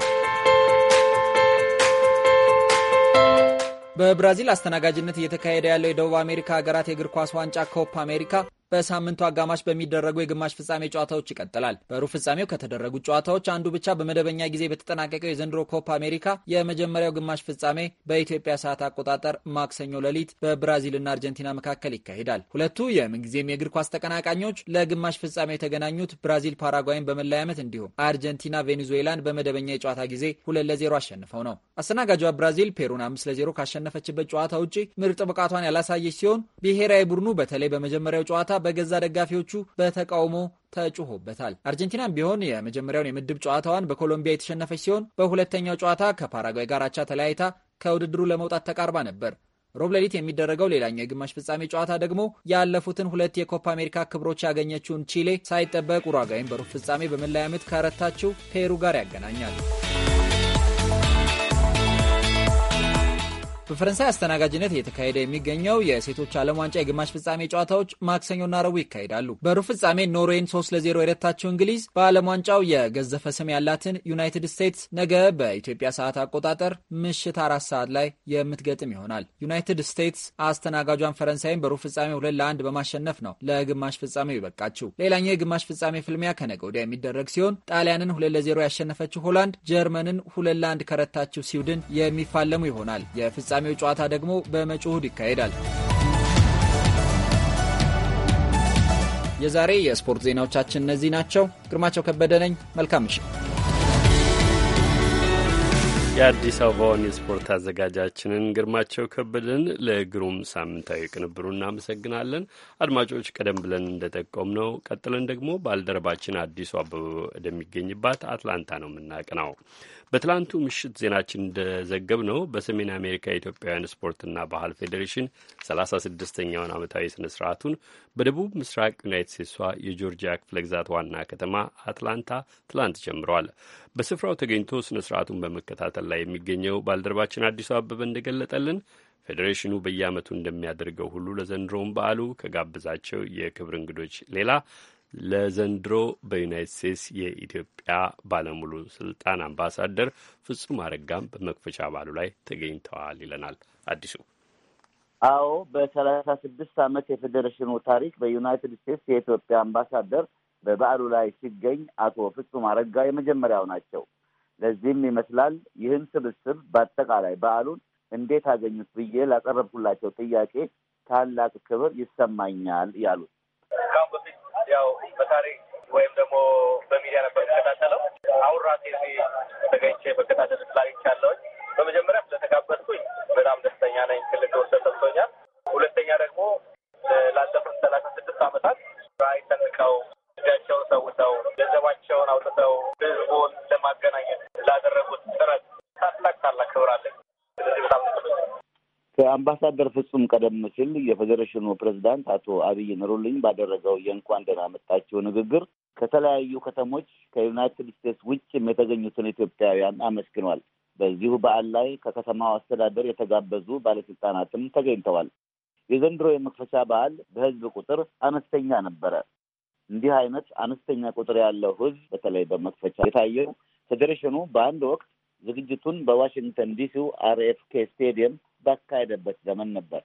በብራዚል አስተናጋጅነት እየተካሄደ ያለው የደቡብ አሜሪካ ሀገራት የእግር ኳስ ዋንጫ ኮፕ አሜሪካ በሳምንቱ አጋማሽ በሚደረጉ የግማሽ ፍጻሜ ጨዋታዎች ይቀጥላል። በሩብ ፍጻሜው ከተደረጉ ጨዋታዎች አንዱ ብቻ በመደበኛ ጊዜ በተጠናቀቀው የዘንድሮ ኮፓ አሜሪካ የመጀመሪያው ግማሽ ፍጻሜ በኢትዮጵያ ሰዓት አቆጣጠር ማክሰኞ ሌሊት በብራዚልና አርጀንቲና መካከል ይካሄዳል። ሁለቱ የምንጊዜም የእግር ኳስ ተቀናቃኞች ለግማሽ ፍጻሜ የተገናኙት ብራዚል ፓራጓይን በመለያመት እንዲሁም አርጀንቲና ቬኔዙዌላን በመደበኛ የጨዋታ ጊዜ ሁለት ለዜሮ አሸንፈው ነው። አስተናጋጇ ብራዚል ፔሩን አምስት ለዜሮ ካሸነፈችበት ጨዋታ ውጪ ምርጥ ብቃቷን ያላሳየች ሲሆን ብሔራዊ ቡድኑ በተለይ በመጀመሪያው ጨዋታ በገዛ ደጋፊዎቹ በተቃውሞ ተጩሆበታል። አርጀንቲናም ቢሆን የመጀመሪያውን የምድብ ጨዋታዋን በኮሎምቢያ የተሸነፈች ሲሆን በሁለተኛው ጨዋታ ከፓራጓይ ጋር አቻ ተለያይታ ከውድድሩ ለመውጣት ተቃርባ ነበር። ሮብ ሌሊት የሚደረገው ሌላኛው የግማሽ ፍጻሜ ጨዋታ ደግሞ ያለፉትን ሁለት የኮፓ አሜሪካ ክብሮች ያገኘችውን ቺሌ ሳይጠበቅ ኡራጓይን በሩብ ፍጻሜ በመለያ ምት ከረታችው ፔሩ ጋር ያገናኛል። በፈረንሳይ አስተናጋጅነት እየተካሄደ የሚገኘው የሴቶች ዓለም ዋንጫ የግማሽ ፍጻሜ ጨዋታዎች ማክሰኞና ረቡዕ ይካሄዳሉ። በሩብ ፍጻሜ ኖርዌይን 3 ለ0 የረታቸው እንግሊዝ በዓለም ዋንጫው የገዘፈ ስም ያላትን ዩናይትድ ስቴትስ ነገ በኢትዮጵያ ሰዓት አቆጣጠር ምሽት አራት ሰዓት ላይ የምትገጥም ይሆናል። ዩናይትድ ስቴትስ አስተናጋጇን ፈረንሳይን በሩብ ፍጻሜ ሁለት ለአንድ በማሸነፍ ነው ለግማሽ ፍጻሜው ይበቃችው። ሌላኛው የግማሽ ፍጻሜ ፍልሚያ ከነገ ወዲያ የሚደረግ ሲሆን ጣሊያንን ሁለት ለዜሮ ያሸነፈችው ሆላንድ ጀርመንን ሁለት ለአንድ ከረታችው ስዊድን የሚፋለሙ ይሆናል። የፍጻሜ የፍጻሜው ጨዋታ ደግሞ በመጪው እሁድ ይካሄዳል። የዛሬ የስፖርት ዜናዎቻችን እነዚህ ናቸው። ግርማቸው ከበደ ነኝ። መልካም ምሽት። የአዲስ አበባውን የስፖርት አዘጋጃችንን ግርማቸው ከበደን ለግሩም ሳምንታዊ ቅንብሩ እናመሰግናለን። አድማጮች፣ ቀደም ብለን እንደጠቆም ነው ቀጥለን ደግሞ ባልደረባችን አዲሱ አበበ ወደሚገኝባት አትላንታ ነው ነው። በትላንቱ ምሽት ዜናችን እንደዘገብ ነው በሰሜን አሜሪካ የኢትዮጵያውያን ስፖርትና ባህል ፌዴሬሽን ሰላሳ ስድስተኛውን ዓመታዊ ስነ ስርዓቱን በደቡብ ምስራቅ ዩናይት ስቴትሷ የጆርጂያ ክፍለ ግዛት ዋና ከተማ አትላንታ ትላንት ጀምረዋል። በስፍራው ተገኝቶ ስነ ስርዓቱን በመከታተል ላይ የሚገኘው ባልደረባችን አዲሱ አበበ እንደገለጠልን ፌዴሬሽኑ በየዓመቱ እንደሚያደርገው ሁሉ ለዘንድሮውም በዓሉ ከጋብዛቸው የክብር እንግዶች ሌላ ለዘንድሮ በዩናይት ስቴትስ የኢትዮጵያ ባለሙሉ ስልጣን አምባሳደር ፍጹም አረጋም በመክፈቻ በዓሉ ላይ ተገኝተዋል ይለናል አዲሱ። አዎ በሰላሳ ስድስት ዓመት የፌዴሬሽኑ ታሪክ በዩናይትድ ስቴትስ የኢትዮጵያ አምባሳደር በበዓሉ ላይ ሲገኝ አቶ ፍጹም አረጋ የመጀመሪያው ናቸው። ለዚህም ይመስላል ይህን ስብስብ በአጠቃላይ በዓሉን እንዴት አገኙት ብዬ ላቀረብኩላቸው ጥያቄ ታላቅ ክብር ይሰማኛል ያሉት። ያው በታሪክ ወይም ደግሞ በሚዲያ ነበር የተከታተለው። አሁን ራሴ እዚህ ተገኝቼ መከታተል ስላልቻለሁኝ በመጀመሪያ ስለተጋበዝኩኝ በጣም ደስተኛ ነኝ። ክልል ተወሰድ ሰብቶኛል። ሁለተኛ ደግሞ ላለፉት ሰላሳ ስድስት ዓመታት ራዕይ ሰንቀው እጃቸውን ሰውተው ገንዘባቸውን አውጥተው ህዝቡን ለማገናኘት ላደረጉት ጥረት ታላቅ ታላቅ ክብር አለኝ። ከአምባሳደር ፍጹም ቀደም ሲል የፌዴሬሽኑ ፕሬዚዳንት አቶ አብይ ኑሩልኝ ባደረገው የእንኳን ደህና መጣችሁ ንግግር ከተለያዩ ከተሞች ከዩናይትድ ስቴትስ ውጭም የተገኙትን ኢትዮጵያውያን አመስግኗል። በዚሁ በዓል ላይ ከከተማው አስተዳደር የተጋበዙ ባለስልጣናትም ተገኝተዋል። የዘንድሮ የመክፈቻ በዓል በህዝብ ቁጥር አነስተኛ ነበረ። እንዲህ አይነት አነስተኛ ቁጥር ያለው ህዝብ በተለይ በመክፈቻ የታየው ፌዴሬሽኑ በአንድ ወቅት ዝግጅቱን በዋሽንግተን ዲሲው አርኤፍኬ ስቴዲየም ባካሄደበት ዘመን ነበር።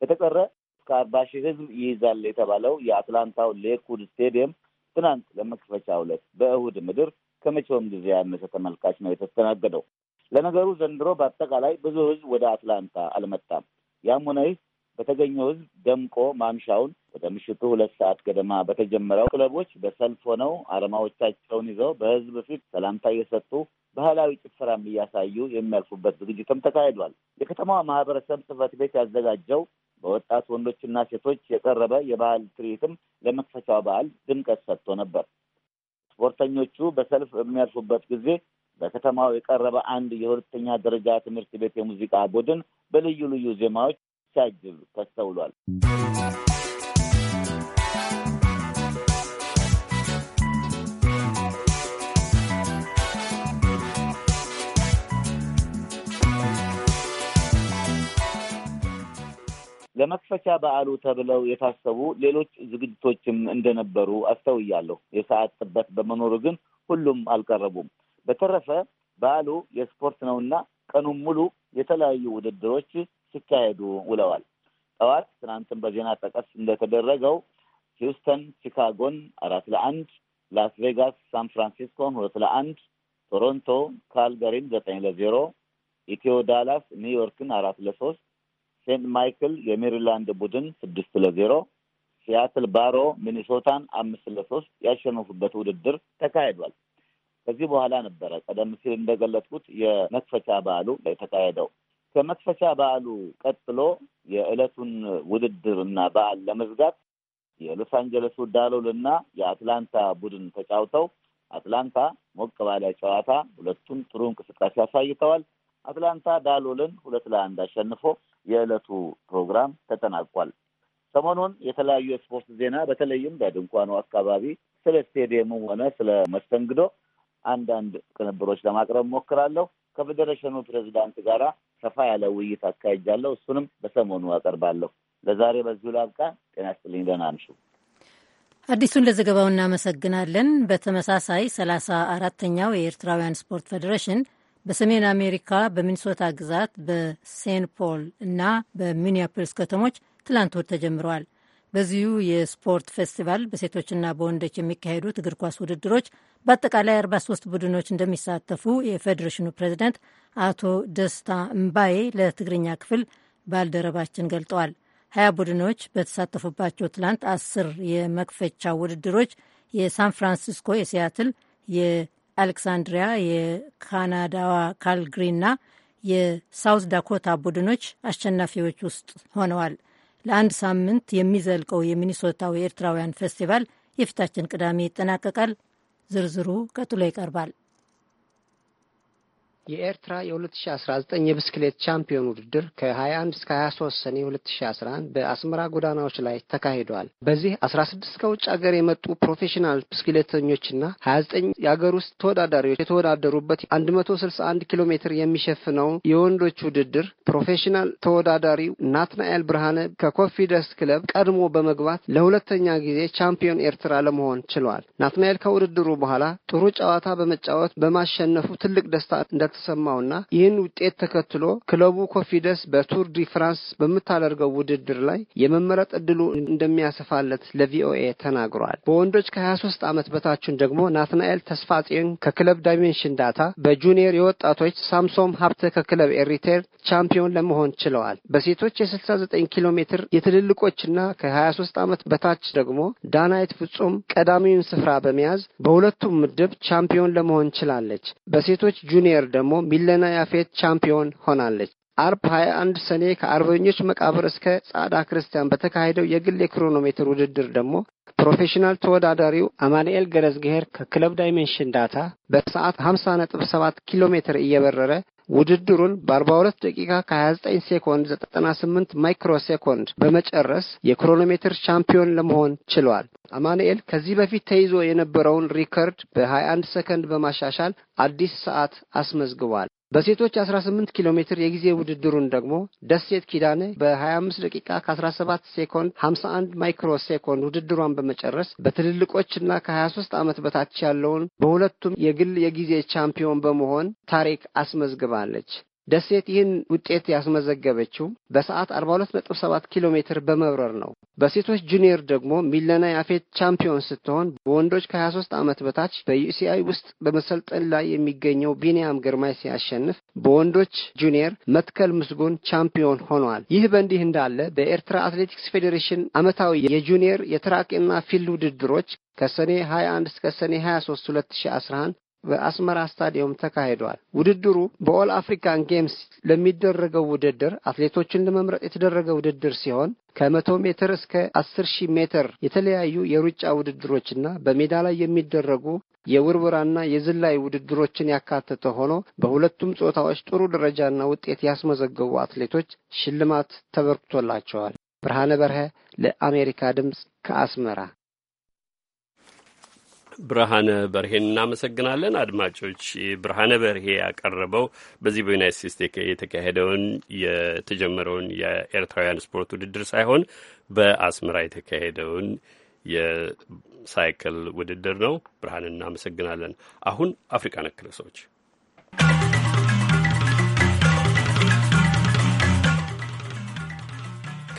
በተቀረ እስከ አርባ ሺህ ህዝብ ይይዛል የተባለው የአትላንታው ሌክውድ ስቴዲየም ትናንት ለመክፈቻ ዕለት በእሁድ ምድር ከመቼውም ጊዜ ያነሰ ተመልካች ነው የተስተናገደው። ለነገሩ ዘንድሮ በአጠቃላይ ብዙ ህዝብ ወደ አትላንታ አልመጣም። ያም ሆነ ይህ በተገኘው ህዝብ ደምቆ ማምሻውን ወደ ምሽቱ ሁለት ሰዓት ገደማ በተጀመረው ክለቦች በሰልፍ ሆነው አርማዎቻቸውን ይዘው በህዝብ ፊት ሰላምታ እየሰጡ ባህላዊ ጭፈራም እያሳዩ የሚያልፉበት ዝግጅትም ተካሂዷል። የከተማዋ ማህበረሰብ ጽህፈት ቤት ያዘጋጀው በወጣት ወንዶችና ሴቶች የቀረበ የባህል ትርኢትም ለመክፈቻው በዓል ድምቀት ሰጥቶ ነበር። ስፖርተኞቹ በሰልፍ የሚያልፉበት ጊዜ በከተማው የቀረበ አንድ የሁለተኛ ደረጃ ትምህርት ቤት የሙዚቃ ቡድን በልዩ ልዩ ዜማዎች ሲያጅብ ተስተውሏል። ለመክፈቻ በዓሉ ተብለው የታሰቡ ሌሎች ዝግጅቶችም እንደነበሩ አስተውያለሁ። የሰዓት ጥበት በመኖሩ ግን ሁሉም አልቀረቡም። በተረፈ በዓሉ የስፖርት ነውና ቀኑን ሙሉ የተለያዩ ውድድሮች ሲካሄዱ ውለዋል። ጠዋት ትናንትን በዜና ጠቀስ እንደተደረገው ሂውስተን ቺካጎን አራት ለአንድ፣ ላስ ቬጋስ ሳን ፍራንሲስኮን ሁለት ለአንድ፣ ቶሮንቶ ካልጋሪን ዘጠኝ ለዜሮ፣ ኢትዮ ዳላስ ኒውዮርክን አራት ለሶስት ሴንት ማይክል የሜሪላንድ ቡድን ስድስት ለዜሮ ሲያትል ባሮ ሚኒሶታን አምስት ለሶስት ያሸነፉበት ውድድር ተካሂዷል። ከዚህ በኋላ ነበረ ቀደም ሲል እንደገለጥኩት የመክፈቻ በዓሉ የተካሄደው። ከመክፈቻ በዓሉ ቀጥሎ የዕለቱን ውድድር እና በዓል ለመዝጋት የሎስ አንጀለሱ ዳሎል እና የአትላንታ ቡድን ተጫውተው አትላንታ ሞቅ ባለ ጨዋታ ሁለቱም ጥሩ እንቅስቃሴ አሳይተዋል። አትላንታ ዳሎልን ሁለት ለአንድ አሸንፎ የዕለቱ ፕሮግራም ተጠናቋል። ሰሞኑን የተለያዩ የስፖርት ዜና በተለይም በድንኳኑ አካባቢ ስለ ስቴዲየሙ ሆነ ስለ መስተንግዶ አንዳንድ ቅንብሮች ለማቅረብ ሞክራለሁ። ከፌዴሬሽኑ ፕሬዚዳንት ጋር ሰፋ ያለ ውይይት አካሄጃለሁ። እሱንም በሰሞኑ አቀርባለሁ። ለዛሬ በዚሁ ላብቃ። ጤና ይስጥልኝ። ደህና አንሹ። አዲሱን ለዘገባው እናመሰግናለን። በተመሳሳይ ሰላሳ አራተኛው የኤርትራውያን ስፖርት ፌዴሬሽን በሰሜን አሜሪካ በሚኒሶታ ግዛት በሴንት ፖል እና በሚኒያፖሊስ ከተሞች ትላንት እሁድ ተጀምረዋል። በዚሁ የስፖርት ፌስቲቫል በሴቶችና በወንዶች የሚካሄዱት እግር ኳስ ውድድሮች በአጠቃላይ 43 ቡድኖች እንደሚሳተፉ የፌዴሬሽኑ ፕሬዚደንት አቶ ደስታ እምባዬ ለትግርኛ ክፍል ባልደረባችን ገልጠዋል። ሀያ ቡድኖች በተሳተፉባቸው ትላንት አስር የመክፈቻ ውድድሮች የሳን ፍራንሲስኮ፣ የሲያትል፣ አሌክሳንድሪያ፣ የካናዳዋ ካልግሪና የሳውዝ ዳኮታ ቡድኖች አሸናፊዎች ውስጥ ሆነዋል። ለአንድ ሳምንት የሚዘልቀው የሚኒሶታው የኤርትራውያን ፌስቲቫል የፊታችን ቅዳሜ ይጠናቀቃል። ዝርዝሩ ቀጥሎ ይቀርባል። የኤርትራ የ2019 የብስክሌት ቻምፒዮን ውድድር ከ21 እስከ 23 ሰኔ 2011 በአስመራ ጎዳናዎች ላይ ተካሂዷል። በዚህ 16 ከውጭ ሀገር የመጡ ፕሮፌሽናል ብስክሌተኞችና 29 የአገር ውስጥ ተወዳዳሪዎች የተወዳደሩበት 161 ኪሎ ሜትር የሚሸፍነው የወንዶች ውድድር ፕሮፌሽናል ተወዳዳሪው ናትናኤል ብርሃነ ከኮንፊደንስ ክለብ ቀድሞ በመግባት ለሁለተኛ ጊዜ ቻምፒዮን ኤርትራ ለመሆን ችሏል። ናትናኤል ከውድድሩ በኋላ ጥሩ ጨዋታ በመጫወት በማሸነፉ ትልቅ ደስታ እንደተ ተሰማውና ይህን ውጤት ተከትሎ ክለቡ ኮፊደስ በቱር ዲ ፍራንስ በምታደርገው ውድድር ላይ የመመረጥ እድሉ እንደሚያሰፋለት ለቪኦኤ ተናግሯል። በወንዶች ከ23 ዓመት በታችን ደግሞ ናትናኤል ተስፋጽዮን ከክለብ ዳይሜንሽን ዳታ፣ በጁኒየር የወጣቶች ሳምሶም ሀብተ ከክለብ ኤሪቴር ቻምፒዮን ለመሆን ችለዋል። በሴቶች የ69 ኪሎ ሜትር የትልልቆችና ከ23 ዓመት በታች ደግሞ ዳናይት ፍጹም ቀዳሚውን ስፍራ በመያዝ በሁለቱም ምድብ ቻምፒዮን ለመሆን ችላለች። በሴቶች ጁኒየር ደግሞ ደግሞ ሚለናያ ፌት ቻምፒዮን ሆናለች። አርብ 21 ሰኔ ከአርበኞች መቃብር እስከ ጻዳ ክርስቲያን በተካሄደው የግል የክሮኖሜትር ውድድር ደግሞ ፕሮፌሽናል ተወዳዳሪው አማንኤል ገረዝግሄር ከክለብ ዳይሜንሽን ዳታ በሰዓት 57 ኪሎ ሜትር እየበረረ ውድድሩን በ42 ደቂቃ ከ29 ሴኮንድ 98 ማይክሮ ሴኮንድ በመጨረስ የክሮኖሜትር ቻምፒዮን ለመሆን ችሏል። አማኑኤል ከዚህ በፊት ተይዞ የነበረውን ሪከርድ በ21 ሰከንድ በማሻሻል አዲስ ሰዓት አስመዝግቧል። በሴቶች 18 ኪሎ ሜትር የጊዜ ውድድሩን ደግሞ ደሴት ኪዳነ በ25 ደቂቃ ከ17 ሴኮንድ 51 ማይክሮ ሴኮንድ ውድድሯን በመጨረስ በትልልቆችና ከ23 ዓመት በታች ያለውን በሁለቱም የግል የጊዜ ቻምፒዮን በመሆን ታሪክ አስመዝግባለች። ደሴት ይህን ውጤት ያስመዘገበችው በሰዓት 42.7 ኪሎ ሜትር በመብረር ነው። በሴቶች ጁኒየር ደግሞ ሚለና ያፌት ቻምፒዮን ስትሆን በወንዶች ከ23 ዓመት በታች በዩሲአይ ውስጥ በመሰልጠን ላይ የሚገኘው ቢንያም ግርማይ ሲያሸንፍ በወንዶች ጁኒየር መትከል ምስጉን ቻምፒዮን ሆኗል። ይህ በእንዲህ እንዳለ በኤርትራ አትሌቲክስ ፌዴሬሽን ዓመታዊ የጁኒየር የትራክና ፊልድ ውድድሮች ከሰኔ 21 እስከ ሰኔ 23 2011 በአስመራ ስታዲየም ተካሂዷል። ውድድሩ በኦል አፍሪካን ጌምስ ለሚደረገው ውድድር አትሌቶችን ለመምረጥ የተደረገ ውድድር ሲሆን ከመቶ ሜትር እስከ አስር ሺህ ሜትር የተለያዩ የሩጫ ውድድሮችና በሜዳ ላይ የሚደረጉ የውርወራና የዝላይ ውድድሮችን ያካተተ ሆኖ በሁለቱም ጾታዎች ጥሩ ደረጃና ውጤት ያስመዘገቡ አትሌቶች ሽልማት ተበርክቶላቸዋል። ብርሃነ በርሀ ለአሜሪካ ድምፅ ከአስመራ ብርሃነ በርሄን እናመሰግናለን። አድማጮች ብርሃነ በርሄ ያቀረበው በዚህ በዩናይት ስቴትስ የተካሄደውን የተጀመረውን የኤርትራውያን ስፖርት ውድድር ሳይሆን በአስመራ የተካሄደውን የሳይክል ውድድር ነው። ብርሃን እናመሰግናለን። አሁን አፍሪቃ ነክ ርዕሶች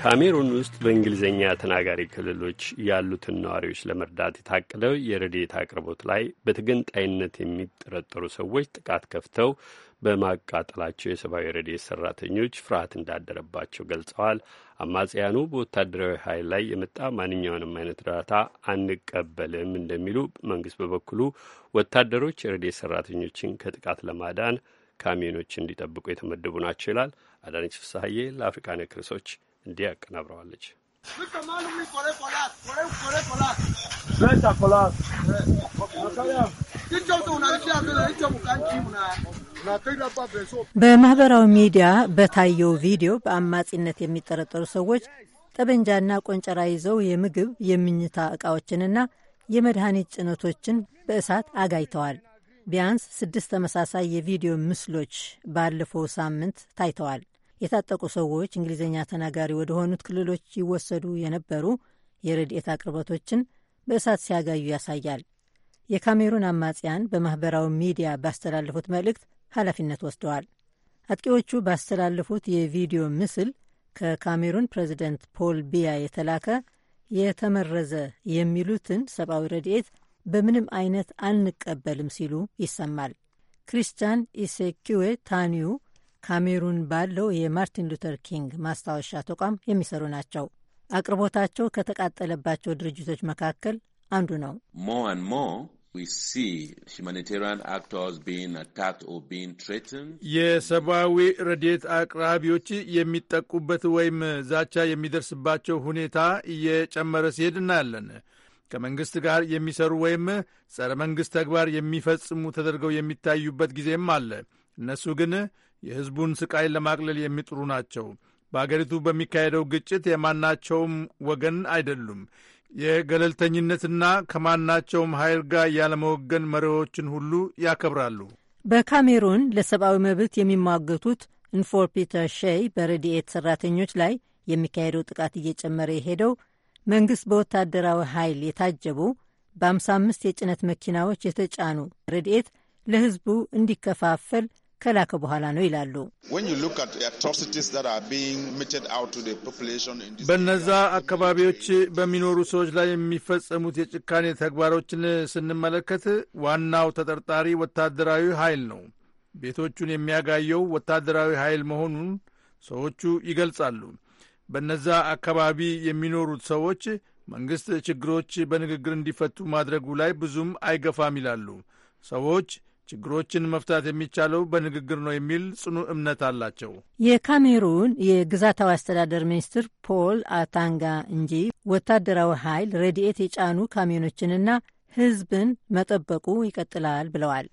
ካሜሩን ውስጥ በእንግሊዝኛ ተናጋሪ ክልሎች ያሉትን ነዋሪዎች ለመርዳት የታቀደው የረድኤት አቅርቦት ላይ በተገንጣይነት የሚጠረጠሩ ሰዎች ጥቃት ከፍተው በማቃጠላቸው የሰብአዊ ረድኤት ሰራተኞች ፍርሃት እንዳደረባቸው ገልጸዋል። አማጽያኑ በወታደራዊ ኃይል ላይ የመጣ ማንኛውንም አይነት እርዳታ አንቀበልም እንደሚሉ መንግስት በበኩሉ ወታደሮች የረድኤት ሰራተኞችን ከጥቃት ለማዳን ካሚዮኖች እንዲጠብቁ የተመደቡ ናቸው ይላል። አዳነች ፍሳሀዬ ለአፍሪካ ነክ እንዲህ ያቀናብረዋለች። በማህበራዊ ሚዲያ በታየው ቪዲዮ በአማጺነት የሚጠረጠሩ ሰዎች ጠበንጃና ቆንጨራ ይዘው የምግብ የምኝታ እቃዎችንና የመድኃኒት ጭነቶችን በእሳት አጋይተዋል። ቢያንስ ስድስት ተመሳሳይ የቪዲዮ ምስሎች ባለፈው ሳምንት ታይተዋል። የታጠቁ ሰዎች እንግሊዝኛ ተናጋሪ ወደ ሆኑት ክልሎች ይወሰዱ የነበሩ የረድኤት አቅርቦቶችን በእሳት ሲያጋዩ ያሳያል። የካሜሩን አማጽያን በማኅበራዊ ሚዲያ ባስተላለፉት መልእክት ኃላፊነት ወስደዋል። አጥቂዎቹ ባስተላለፉት የቪዲዮ ምስል ከካሜሩን ፕሬዚደንት ፖል ቢያ የተላከ የተመረዘ የሚሉትን ሰብአዊ ረድኤት በምንም አይነት አንቀበልም ሲሉ ይሰማል። ክሪስቲያን ኢሴኪዌ ታኒዩ ካሜሩን ባለው የማርቲን ሉተር ኪንግ ማስታወሻ ተቋም የሚሰሩ ናቸው። አቅርቦታቸው ከተቃጠለባቸው ድርጅቶች መካከል አንዱ ነው። የሰብአዊ ረድኤት አቅራቢዎች የሚጠቁበት ወይም ዛቻ የሚደርስባቸው ሁኔታ እየጨመረ ሲሄድ እናያለን። ከመንግሥት ጋር የሚሰሩ ወይም ጸረ መንግሥት ተግባር የሚፈጽሙ ተደርገው የሚታዩበት ጊዜም አለ። እነሱ ግን የሕዝቡን ስቃይ ለማቅለል የሚጥሩ ናቸው። በአገሪቱ በሚካሄደው ግጭት የማናቸውም ወገን አይደሉም። የገለልተኝነትና ከማናቸውም ኃይል ጋር ያለመወገን መሪዎችን ሁሉ ያከብራሉ። በካሜሩን ለሰብአዊ መብት የሚሟገቱት እንፎር ፒተር ሼይ በረድኤት ሰራተኞች ላይ የሚካሄደው ጥቃት እየጨመረ የሄደው መንግሥት በወታደራዊ ኃይል የታጀቡ በ55 የጭነት መኪናዎች የተጫኑ ረድኤት ለሕዝቡ እንዲከፋፈል ከላከ በኋላ ነው ይላሉ። በነዛ አካባቢዎች በሚኖሩ ሰዎች ላይ የሚፈጸሙት የጭካኔ ተግባሮችን ስንመለከት ዋናው ተጠርጣሪ ወታደራዊ ኃይል ነው። ቤቶቹን የሚያጋየው ወታደራዊ ኃይል መሆኑን ሰዎቹ ይገልጻሉ። በነዛ አካባቢ የሚኖሩት ሰዎች መንግሥት ችግሮች በንግግር እንዲፈቱ ማድረጉ ላይ ብዙም አይገፋም ይላሉ። ሰዎች ችግሮችን መፍታት የሚቻለው በንግግር ነው የሚል ጽኑ እምነት አላቸው። የካሜሩን የግዛታዊ አስተዳደር ሚኒስትር ፖል አታንጋ እንጂ ወታደራዊ ኃይል ረድኤት የጫኑ ካሚዮኖችንና ህዝብን መጠበቁ ይቀጥላል ብለዋል።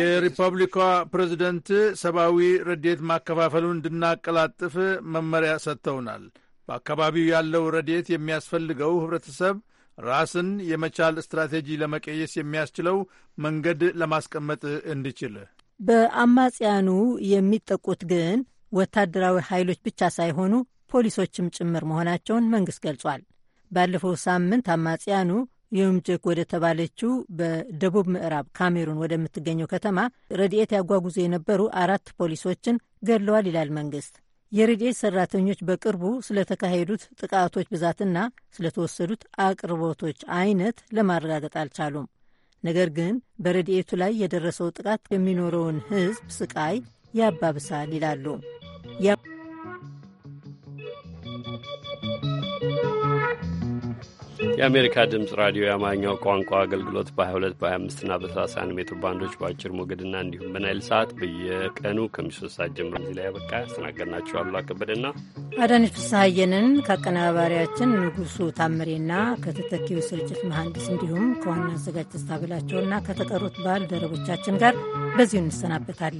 የሪፐብሊካ ፕሬዝደንት ሰብአዊ ረድኤት ማከፋፈሉን እንድናቀላጥፍ መመሪያ ሰጥተውናል። በአካባቢው ያለው ረድኤት የሚያስፈልገው ህብረተሰብ ራስን የመቻል ስትራቴጂ ለመቀየስ የሚያስችለው መንገድ ለማስቀመጥ እንዲችል። በአማጽያኑ የሚጠቁት ግን ወታደራዊ ኃይሎች ብቻ ሳይሆኑ ፖሊሶችም ጭምር መሆናቸውን መንግሥት ገልጿል። ባለፈው ሳምንት አማጽያኑ የምጀክ ወደ ተባለችው በደቡብ ምዕራብ ካሜሩን ወደምትገኘው ከተማ ረድኤት ያጓጉዞ የነበሩ አራት ፖሊሶችን ገድለዋል ይላል መንግሥት። የረድኤት ሰራተኞች በቅርቡ ስለተካሄዱት ጥቃቶች ብዛትና ስለተወሰዱት አቅርቦቶች አይነት ለማረጋገጥ አልቻሉም። ነገር ግን በረድኤቱ ላይ የደረሰው ጥቃት የሚኖረውን ሕዝብ ስቃይ ያባብሳል ይላሉ። የአሜሪካ ድምፅ ራዲዮ የአማርኛው ቋንቋ አገልግሎት በ22 በ25 ና በ31 ሜትር ባንዶች በአጭር ሞገድና እንዲሁም በናይል ሰዓት በየቀኑ ከምሽቱ ሶስት ሰዓት ጀምሮ እዚህ ላይ ያበቃ ያስተናገድናችሁ አሉላ ከበደና አዳነች ፍስሐየንን ከአቀናባሪያችን ንጉሱ ታምሬና ከተተኪው ስርጭት መሐንዲስ እንዲሁም ከዋና አዘጋጅ ተስታብላቸውና ከተቀሩት ባልደረቦቻችን ጋር በዚሁ እንሰናበታለን።